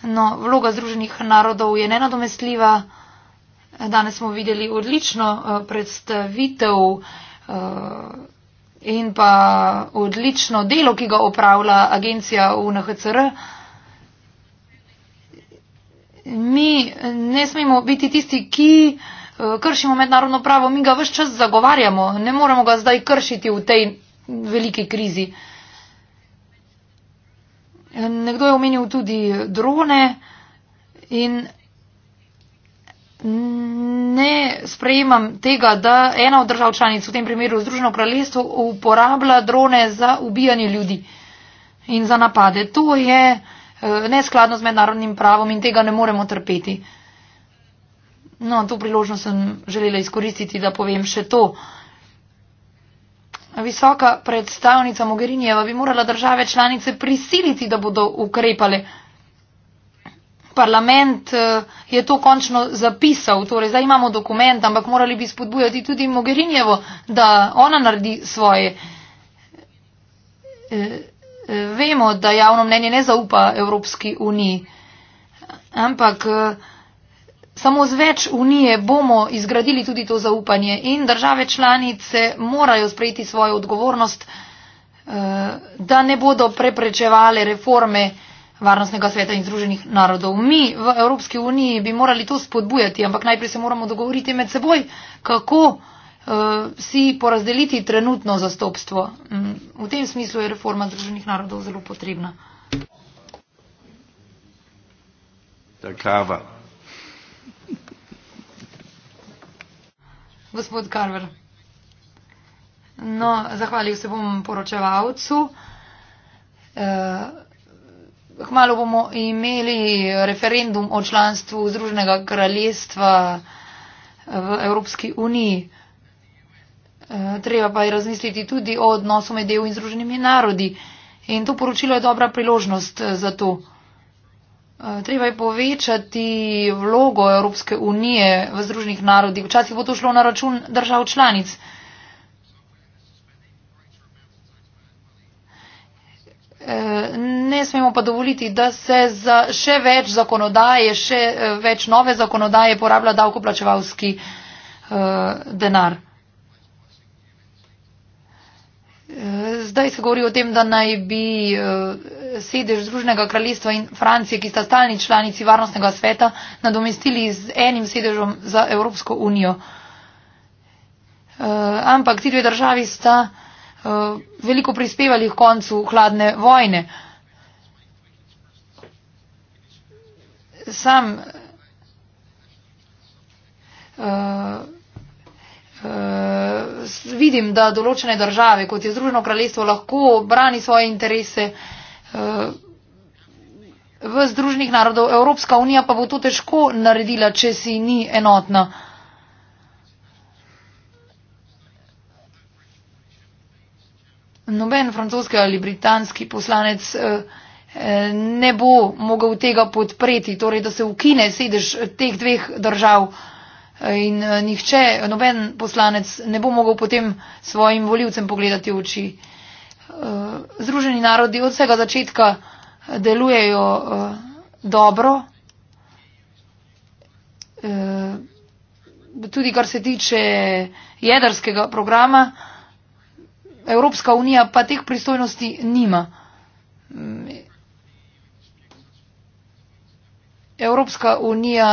No, vloga Združenih narodov je nenadomestljiva. Danes smo videli odlično eh, predstavitev eh, in pa odlično delo, ki ga opravlja agencija UNHCR mi ne smemo biti tisti, ki eh, kršimo mednarodno pravo, mi ga vse čas zagovarjamo, ne moremo ga zdaj kršiti v tej veliki krizi. Nekdo je omenil tudi drone in ne sprejemam tega, da ena od držav članic, v tem primeru Združeno kraljestvo, uporablja drone za ubijanje ljudi in za napade. To je. Eh, neskladno z mednarodnim pravom in tega ne moremo trpeti. No, to priložnost sem želela izkoristiti, da povem še to. Visoka predstavnica Mogherinijeva bi morala države članice prisiliti, da bodo ukrepale. Parlament eh, je to končno zapisal, torej zdaj imamo dokument, ampak morali bi spodbujati tudi Mogherinijevo, da ona naredi svoje. E, Vemo, da javno mnenje ne zaupa Evropski uniji, ampak eh, samo z več unije bomo izgradili tudi to zaupanje in države članice morajo sprejeti svojo odgovornost, eh, da ne bodo preprečevale reforme Varnostnega sveta in Združenih narodov. Mi v Evropski uniji bi morali to spodbujati, ampak najprej se moramo dogovoriti med seboj, kako uh, si porazdeliti trenutno zastopstvo. Um, v tem smislu je reforma Združenih narodov zelo potrebna. Ta kava. Gospod Karver. No, zahvalil se bom poročevalcu. Eh, hmalo bomo imeli referendum o članstvu Združenega kraljestva v Evropski uniji. Eh, treba pa je razmisliti tudi o odnosu med EU in Združenimi narodi. In to poročilo je dobra priložnost eh, za to. Eh, treba je povečati vlogo Evropske unije v Združenih narodih. Včasih bo to šlo na račun držav članic. Ne smemo pa dovoliti, da se za še več zakonodaje, še več nove zakonodaje porablja davkoplačevalski denar. Zdaj se govori o tem, da naj bi eh, sedež Združenega kraljestva in Francije, ki sta stalni članici varnostnega sveta, nadomestili z enim sedežom za Evropsko unijo. Eh, ampak ti dve državi sta eh, veliko prispevali k koncu hladne vojne. Sam uh, uh, vidim, da določene države, kot je Združeno kraljestvo, lahko brani svoje interese eh, v Združenih narodov. Evropska unija pa bo to težko naredila, če si ni enotna. Noben francoski ali britanski poslanec eh, eh, ne bo mogel tega podpreti, torej da se ukine sedež teh dveh držav in eh, nihče, noben poslanec ne bo mogel potem svojim voljivcem pogledati v oči. Eh, Združeni narodi od vsega začetka eh, delujejo dobro, tudi kar se tiče jedrskega programa, Evropska unija pa teh pristojnosti nima. Mm, Evropska unija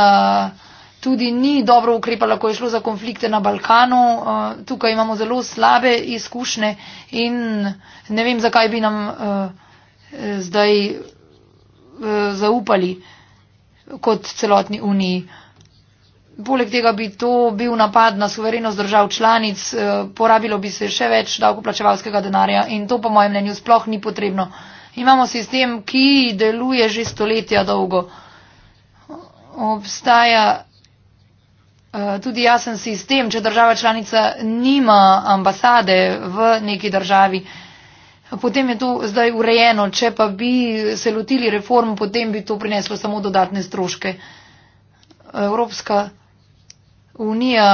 tudi ni dobro ukrepala, ko je šlo za konflikte na Balkanu. Eh, tukaj imamo zelo slabe izkušnje in ne vem, zakaj bi nam eh, zdaj eh, zaupali kot celotni uniji. Poleg tega bi to bil napad na suverenost držav članic, porabilo bi se še več davkoplačevalskega denarja in to po mojem mnenju sploh ni potrebno. Imamo sistem, ki deluje že stoletja dolgo. Obstaja Eh, tudi jaz sem sistem, če država članica nima ambasade v neki državi, potem je to zdaj urejeno. Če pa bi se lotili reform, potem bi to prineslo samo dodatne stroške. Evropska unija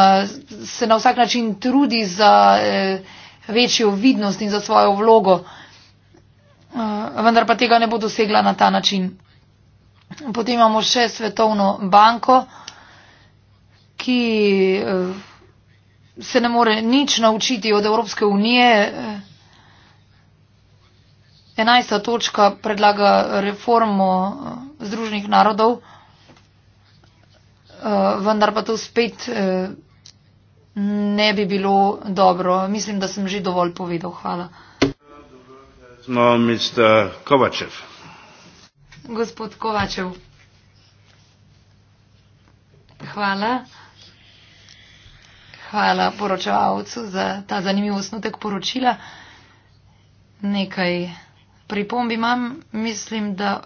se na vsak način trudi za eh, večjo vidnost in za svojo vlogo, eh, vendar pa tega ne bo dosegla na ta način. Potem imamo še Svetovno banko ki eh, se ne more nič naučiti od Evropske unije. Eh, enajsta točka predlaga reformo eh, Združenih narodov, vendar pa to spet ne bi bilo dobro. Mislim, da sem že dovolj povedal. Hvala. Smo no, mister Kovačev. Gospod Kovačev. Hvala. Hvala poročevalcu za ta zanimiv osnutek poročila. Nekaj pripomb imam. Mislim, da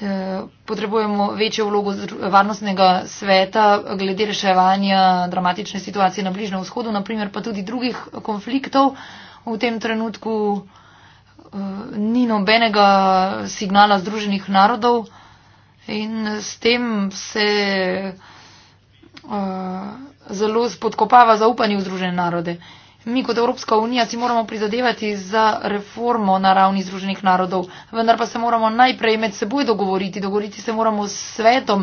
eh, potrebujemo večjo vlogo varnostnega sveta glede reševanja dramatične situacije na Bližnem vzhodu, naprimer pa tudi drugih konfliktov. V tem trenutku eh, ni nobenega signala Združenih narodov in s tem se uh, zelo spodkopava zaupanje v Združene narode. Mi kot Evropska unija si moramo prizadevati za reformo na ravni Združenih narodov, vendar pa se moramo najprej med seboj dogovoriti, dogovoriti se moramo s svetom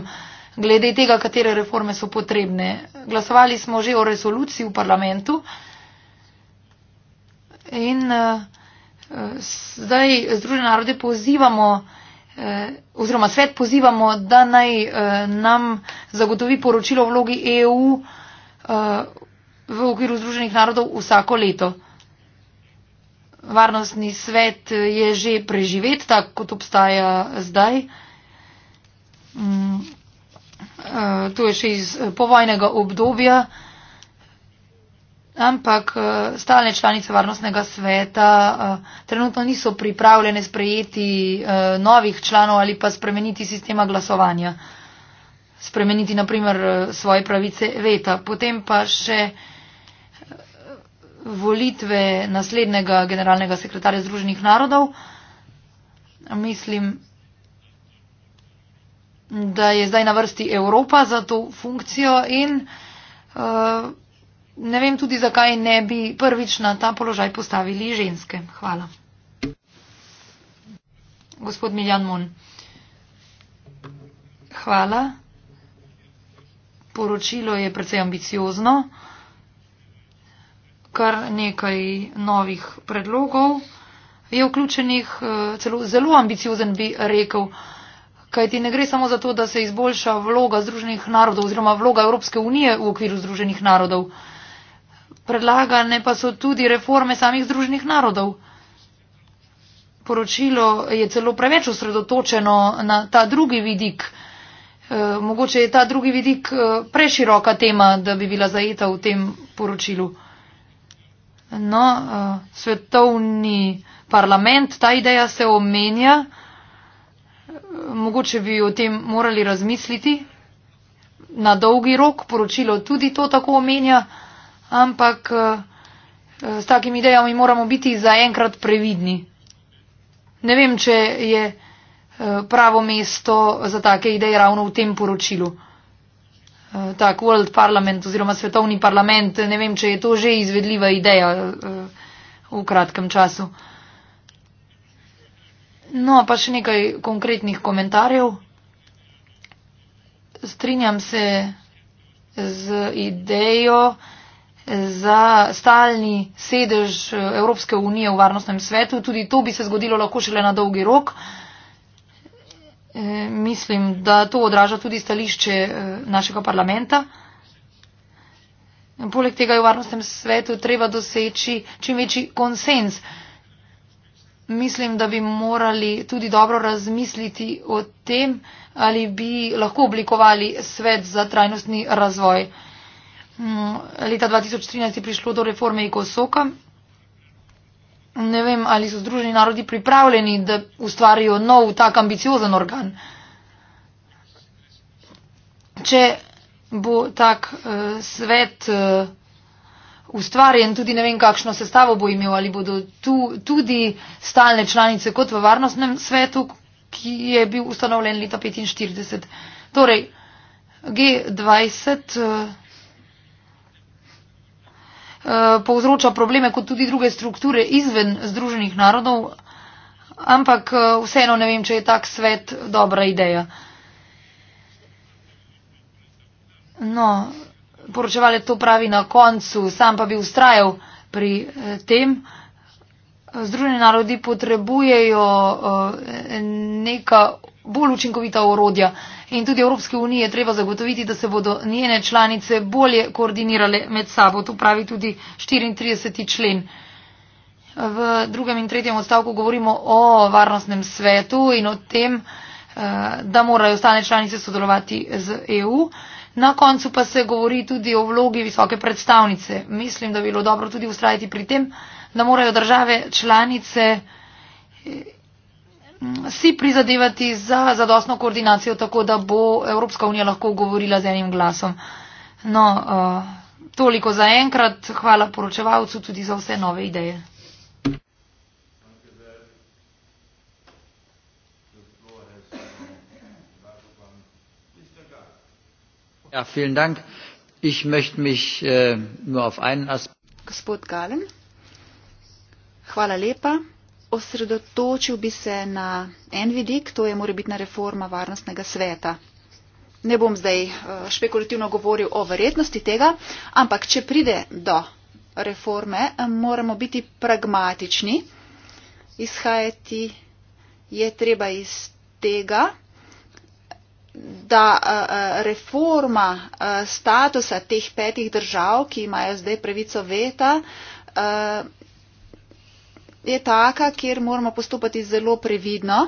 glede tega, katere reforme so potrebne. Glasovali smo že o resoluciji v parlamentu in uh, zdaj Združene narode pozivamo, uh, Eh, oziroma svet pozivamo, da naj eh, nam zagotovi poročilo vlogi EU eh, v okviru Združenih narodov vsako leto. Varnostni svet je že preživet, tako kot obstaja zdaj. Mm, to je še iz povojnega obdobja ampak eh, stalne članice varnostnega sveta eh, trenutno niso pripravljene sprejeti eh, novih članov ali pa spremeniti sistema glasovanja, spremeniti naprimer svoje pravice veta, potem pa še volitve naslednjega generalnega sekretarja Združenih narodov. Mislim, da je zdaj na vrsti Evropa za to funkcijo in uh, ne vem tudi, zakaj ne bi prvič na ta položaj postavili ženske. Hvala. Gospod Miljan Mon. Hvala. Poročilo je precej ambiciozno. Kar nekaj novih predlogov je vključenih, eh, celo, zelo ambiciozen bi rekel, kajti ne gre samo za to, da se izboljša vloga Združenih narodov oziroma vloga Evropske unije v okviru Združenih narodov predlagane pa so tudi reforme samih združenih narodov. Poročilo je celo preveč osredotočeno na ta drugi vidik. Eh, mogoče je ta drugi vidik eh, preširoka tema, da bi bila zajeta v tem poročilu. No, eh, svetovni parlament, ta ideja se omenja. Mogoče bi o tem morali razmisliti. Na dolgi rok poročilo tudi to tako omenja ampak eh, s takimi idejami moramo biti zaenkrat previdni. Ne vem, če je eh, pravo mesto za take ideje ravno v tem poročilu. Eh, tak World Parliament oziroma Svetovni parlament, ne vem, če je to že izvedljiva ideja v kratkem času. No, pa še nekaj konkretnih komentarjev. Strinjam se z idejo, za stalni sedež eh, Evropske unije v varnostnem svetu. Tudi to bi se zgodilo lahko šele na dolgi rok. Eh, mislim, da to odraža tudi stališče eh, našega parlamenta. Poleg tega je v varnostnem svetu treba doseči čim večji konsens. Mislim, da bi morali tudi dobro razmisliti o tem, ali bi lahko oblikovali svet za trajnostni razvoj leta 2013 je prišlo do reforme ECOSOK-a. Ne vem, ali so združeni narodi pripravljeni, da ustvarijo nov tak ambiciozen organ. Če bo tak uh, svet uh, ustvarjen, tudi ne vem, kakšno sestavo bo imel, ali bodo tu tudi stalne članice kot v varnostnem svetu, ki je bil ustanovljen leta 1945. Torej, G20. Uh, Eh, povzroča probleme kot tudi druge strukture izven Združenih narodov, ampak eh, vseeno ne vem, če je tak svet dobra ideja. No, poročevalec to pravi na koncu, sam pa bi ustrajal pri eh, tem. Združeni narodi potrebujejo neka bolj učinkovita orodja in tudi Evropske unije treba zagotoviti, da se bodo njene članice bolje koordinirale med sabo. To pravi tudi 34. člen. V drugem in tretjem odstavku govorimo o varnostnem svetu in o tem, eh, da morajo ostale članice sodelovati z EU. Na koncu pa se govori tudi o vlogi visoke predstavnice. Mislim, da bi bilo dobro tudi ustrajati pri tem, da morajo države članice si prizadevati za zadostno koordinacijo, tako da bo Evropska unija lahko govorila z enim glasom. No, uh, toliko za enkrat. Hvala poročevalcu tudi za vse nove ideje. Ja, vielen Dank. Ich möchte mich äh, nur auf einen Aspekt. Gospod Galen. Hvala lepa osredotočil bi se na en vidik, to je morebitna reforma varnostnega sveta. Ne bom zdaj eh, špekulativno govoril o verjetnosti tega, ampak če pride do reforme, eh, moramo biti pragmatični. Izhajati je treba iz tega, da eh, reforma statusa teh petih držav, ki imajo zdaj pravico veta, je taka, kjer moramo postopati zelo previdno.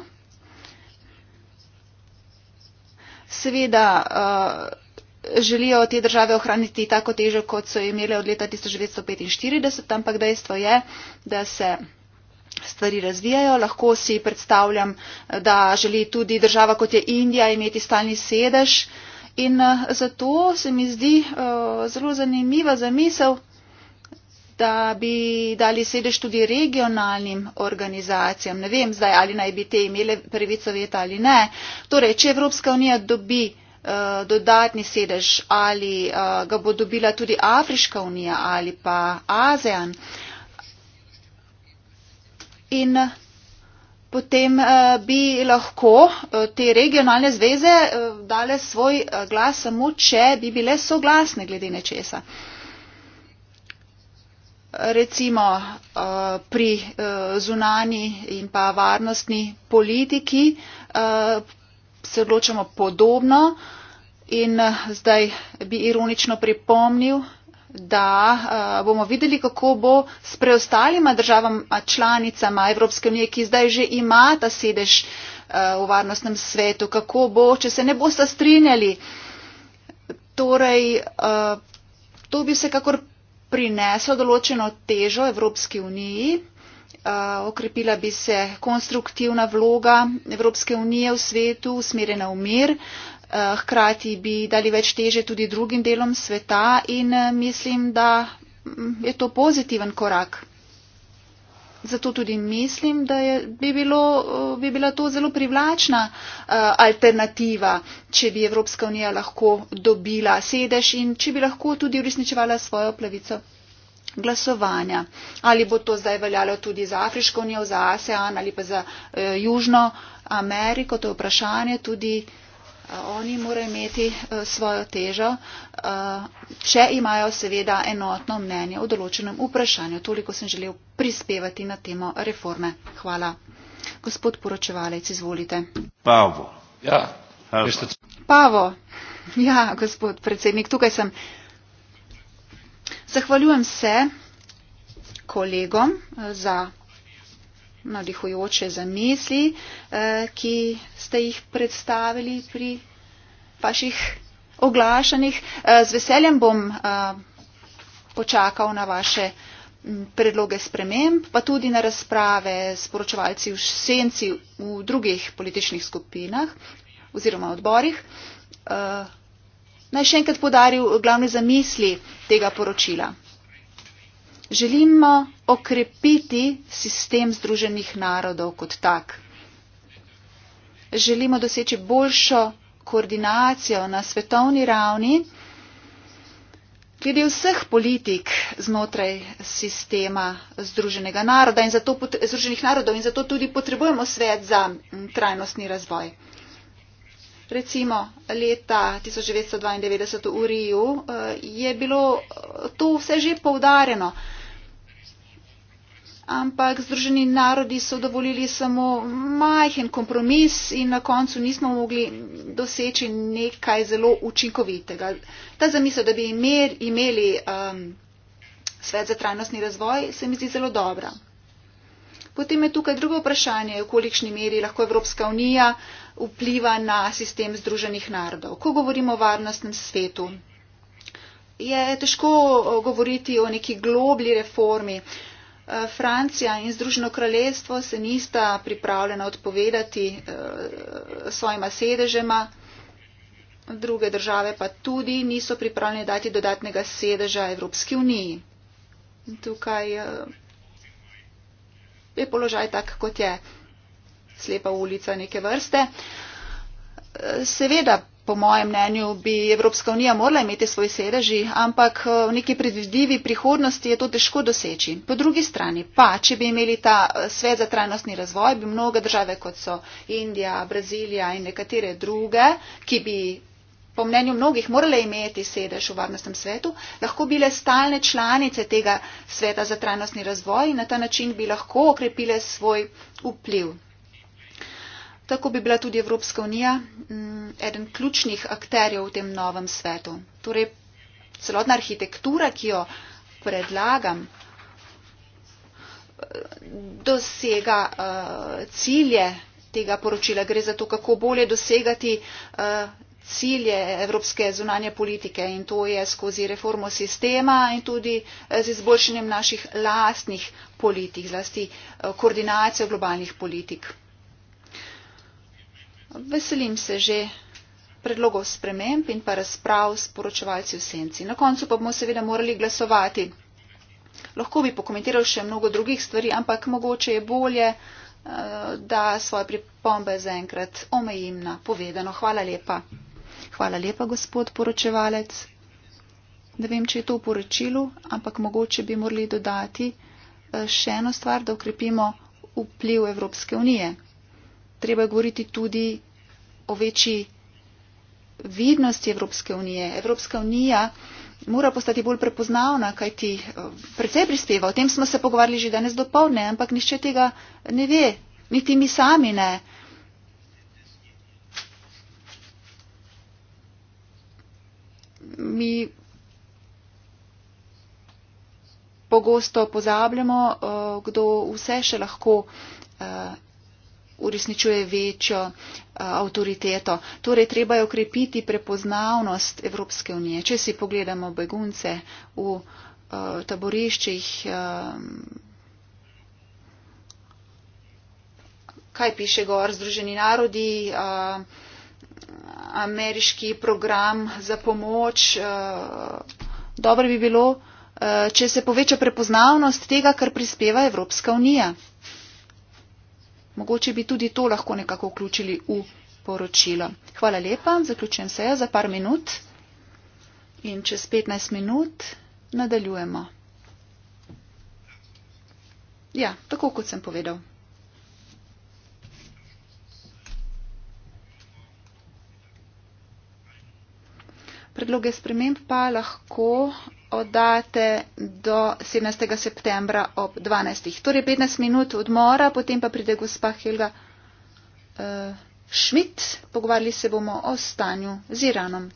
Seveda uh, želijo te države ohraniti tako težo, kot so imele od leta 1945, ampak dejstvo je, da se stvari razvijajo. Lahko si predstavljam, da želi tudi država, kot je Indija, imeti stalni sedež. In eh, zato se mi zdi uh, zelo zanimiva zamisel, da bi dali sedež tudi regionalnim organizacijam. Ne vem zdaj, ali naj bi te imele pravico veta ali ne. Torej, če Evropska unija dobi eh, dodatni sedež ali eh, ga bo dobila tudi Afriška unija ali pa ASEAN. In potem eh, bi lahko te regionalne zveze dale svoj glas samo, če bi bile soglasne glede nečesa recimo eh, pri eh, zunani in pa varnostni politiki eh, se odločamo podobno in zdaj bi ironično pripomnil, da bomo videli, kako bo s preostalima državama članicama Evropske unije, ki zdaj že ima ta sedež v varnostnem svetu, kako bo, če se ne boste strinjali. Torej, to bi se kakor prinesel določeno težo Evropski uniji, eh, okrepila bi se konstruktivna vloga Evropske unije v svetu, usmerjena v mir. Eh, hkrati bi dali več teže tudi drugim delom sveta in eh, mislim, da mm, je to pozitiven korak. Zato tudi mislim, da je, bi, bilo, bi bila to zelo privlačna eh, alternativa, če bi Evropska unija lahko dobila sedež in če bi lahko tudi uresničevala svojo plavico glasovanja. Ali bo to zdaj veljalo tudi za Afriško unijo, za ASEAN ali pa za eh, Južno Ameriko, to je vprašanje tudi. Eh, oni morajo imeti eh, svojo težo, eh, če imajo seveda enotno mnenje o določenem vprašanju. Toliko sem želel prispevati na temo reforme. Hvala. Gospod poročevalec, izvolite. Pavo. Ja, Pavo. Ja, gospod predsednik, tukaj sem. Zahvaljujem se kolegom za navdihujoče zamisli, eh, ki ste jih predstavili pri vaših oglašanjih. Eh, z veseljem bom eh, počakal na vaše predloge sprememb, pa tudi na razprave s poročevalci v senci v drugih političnih skupinah oziroma odborih. Naj še enkrat podaril glavne zamisli tega poročila želimo okrepiti sistem združenih narodov kot tak. Želimo doseči boljšo koordinacijo na svetovni ravni, glede vseh politik znotraj sistema združenega naroda in zato, združenih narodov in zato tudi potrebujemo svet za trajnostni razvoj. Recimo leta 1992 v Uriju eh, je bilo eh, to vse že poudarjeno ampak Združeni narodi so dovolili samo majhen kompromis in na koncu nismo mogli doseči nekaj zelo učinkovitega. Ta zamisel, da bi imeli, imeli um, svet za trajnostni razvoj, se mi zdi zelo dobra. Potem je tukaj drugo vprašanje, v kolikšni meri lahko Evropska unija vpliva na sistem Združenih narodov. Ko govorimo o varnostnem svetu, je težko uh, govoriti o neki globli reformi. Uh, Eh, Francija in Združeno kraljestvo se nista pripravljena odpovedati eh, svojima sedežema, druge države pa tudi niso pripravljene dati dodatnega sedeža Evropski uniji. Tukaj eh, je položaj tak, kot je slepa ulica neke vrste. Seveda po mojem mnenju, bi Evropska unija morala imeti svoj sedeži, ampak eh, v neki predvidljivi prihodnosti je to težko doseči. Po drugi strani pa, če bi imeli ta eh, svet za trajnostni razvoj, bi mnoge države, kot so Indija, Brazilija in nekatere druge, ki bi po mnenju mnogih morale imeti sedež v varnostnem svetu, lahko bile stalne članice tega sveta za trajnostni razvoj in na ta način bi lahko okrepile svoj vpliv. Tako bi bila tudi Evropska unija mm, eden ključnih akterjev v tem novem svetu. Torej, celotna arhitektura, ki jo predlagam, dosega uh, cilje tega poročila. Gre za to, kako bolje dosegati uh, cilje evropske zunanje politike in to je skozi reformo sistema in tudi eh, z izboljšanjem naših lastnih politik, zlasti uh, koordinacijo globalnih politik. Veselim se že predlogov sprememb in pa razprav s poročevalci v senci. Na koncu pa bomo seveda morali glasovati. Lahko bi pokomentiral še mnogo drugih stvari, ampak mogoče je bolje, eh, da svoje pripombe zaenkrat omejim na povedano. Hvala lepa. Hvala lepa, gospod poročevalec. Ne vem, če je to v poročilu, ampak mogoče bi morali dodati eh, še eno stvar, da ukrepimo vpliv Evropske unije treba je govoriti tudi o večji vidnosti Evropske unije. Evropska unija mora postati bolj prepoznavna, kajti eh, predvsej prispeva. O tem smo se pogovarjali že danes do povdne, ampak nišče tega ne ve, niti mi sami ne. Mi pogosto pozabljamo, eh, kdo vse še lahko eh, uresničuje večjo eh, avtoriteto. Torej, treba je okrepiti prepoznavnost Evropske unije. Če si pogledamo begunce v eh, taboriščih, eh, kaj piše gor Združeni narodi, ameriški program za pomoč, dobro bi bilo, če se poveča prepoznavnost tega, kar prispeva Evropska unija. Mogoče bi tudi to lahko nekako vključili v poročilo. Hvala lepa, zaključujem se za par minut in čez 15 minut nadaljujemo. Ja, tako kot sem povedal. Predloge sprememb pa lahko oddate do 17. septembra ob 12. Torej 15 minut odmora, potem pa pride gospa Helga uh, Schmidt. Pogovarjali se bomo o stanju z Iranom.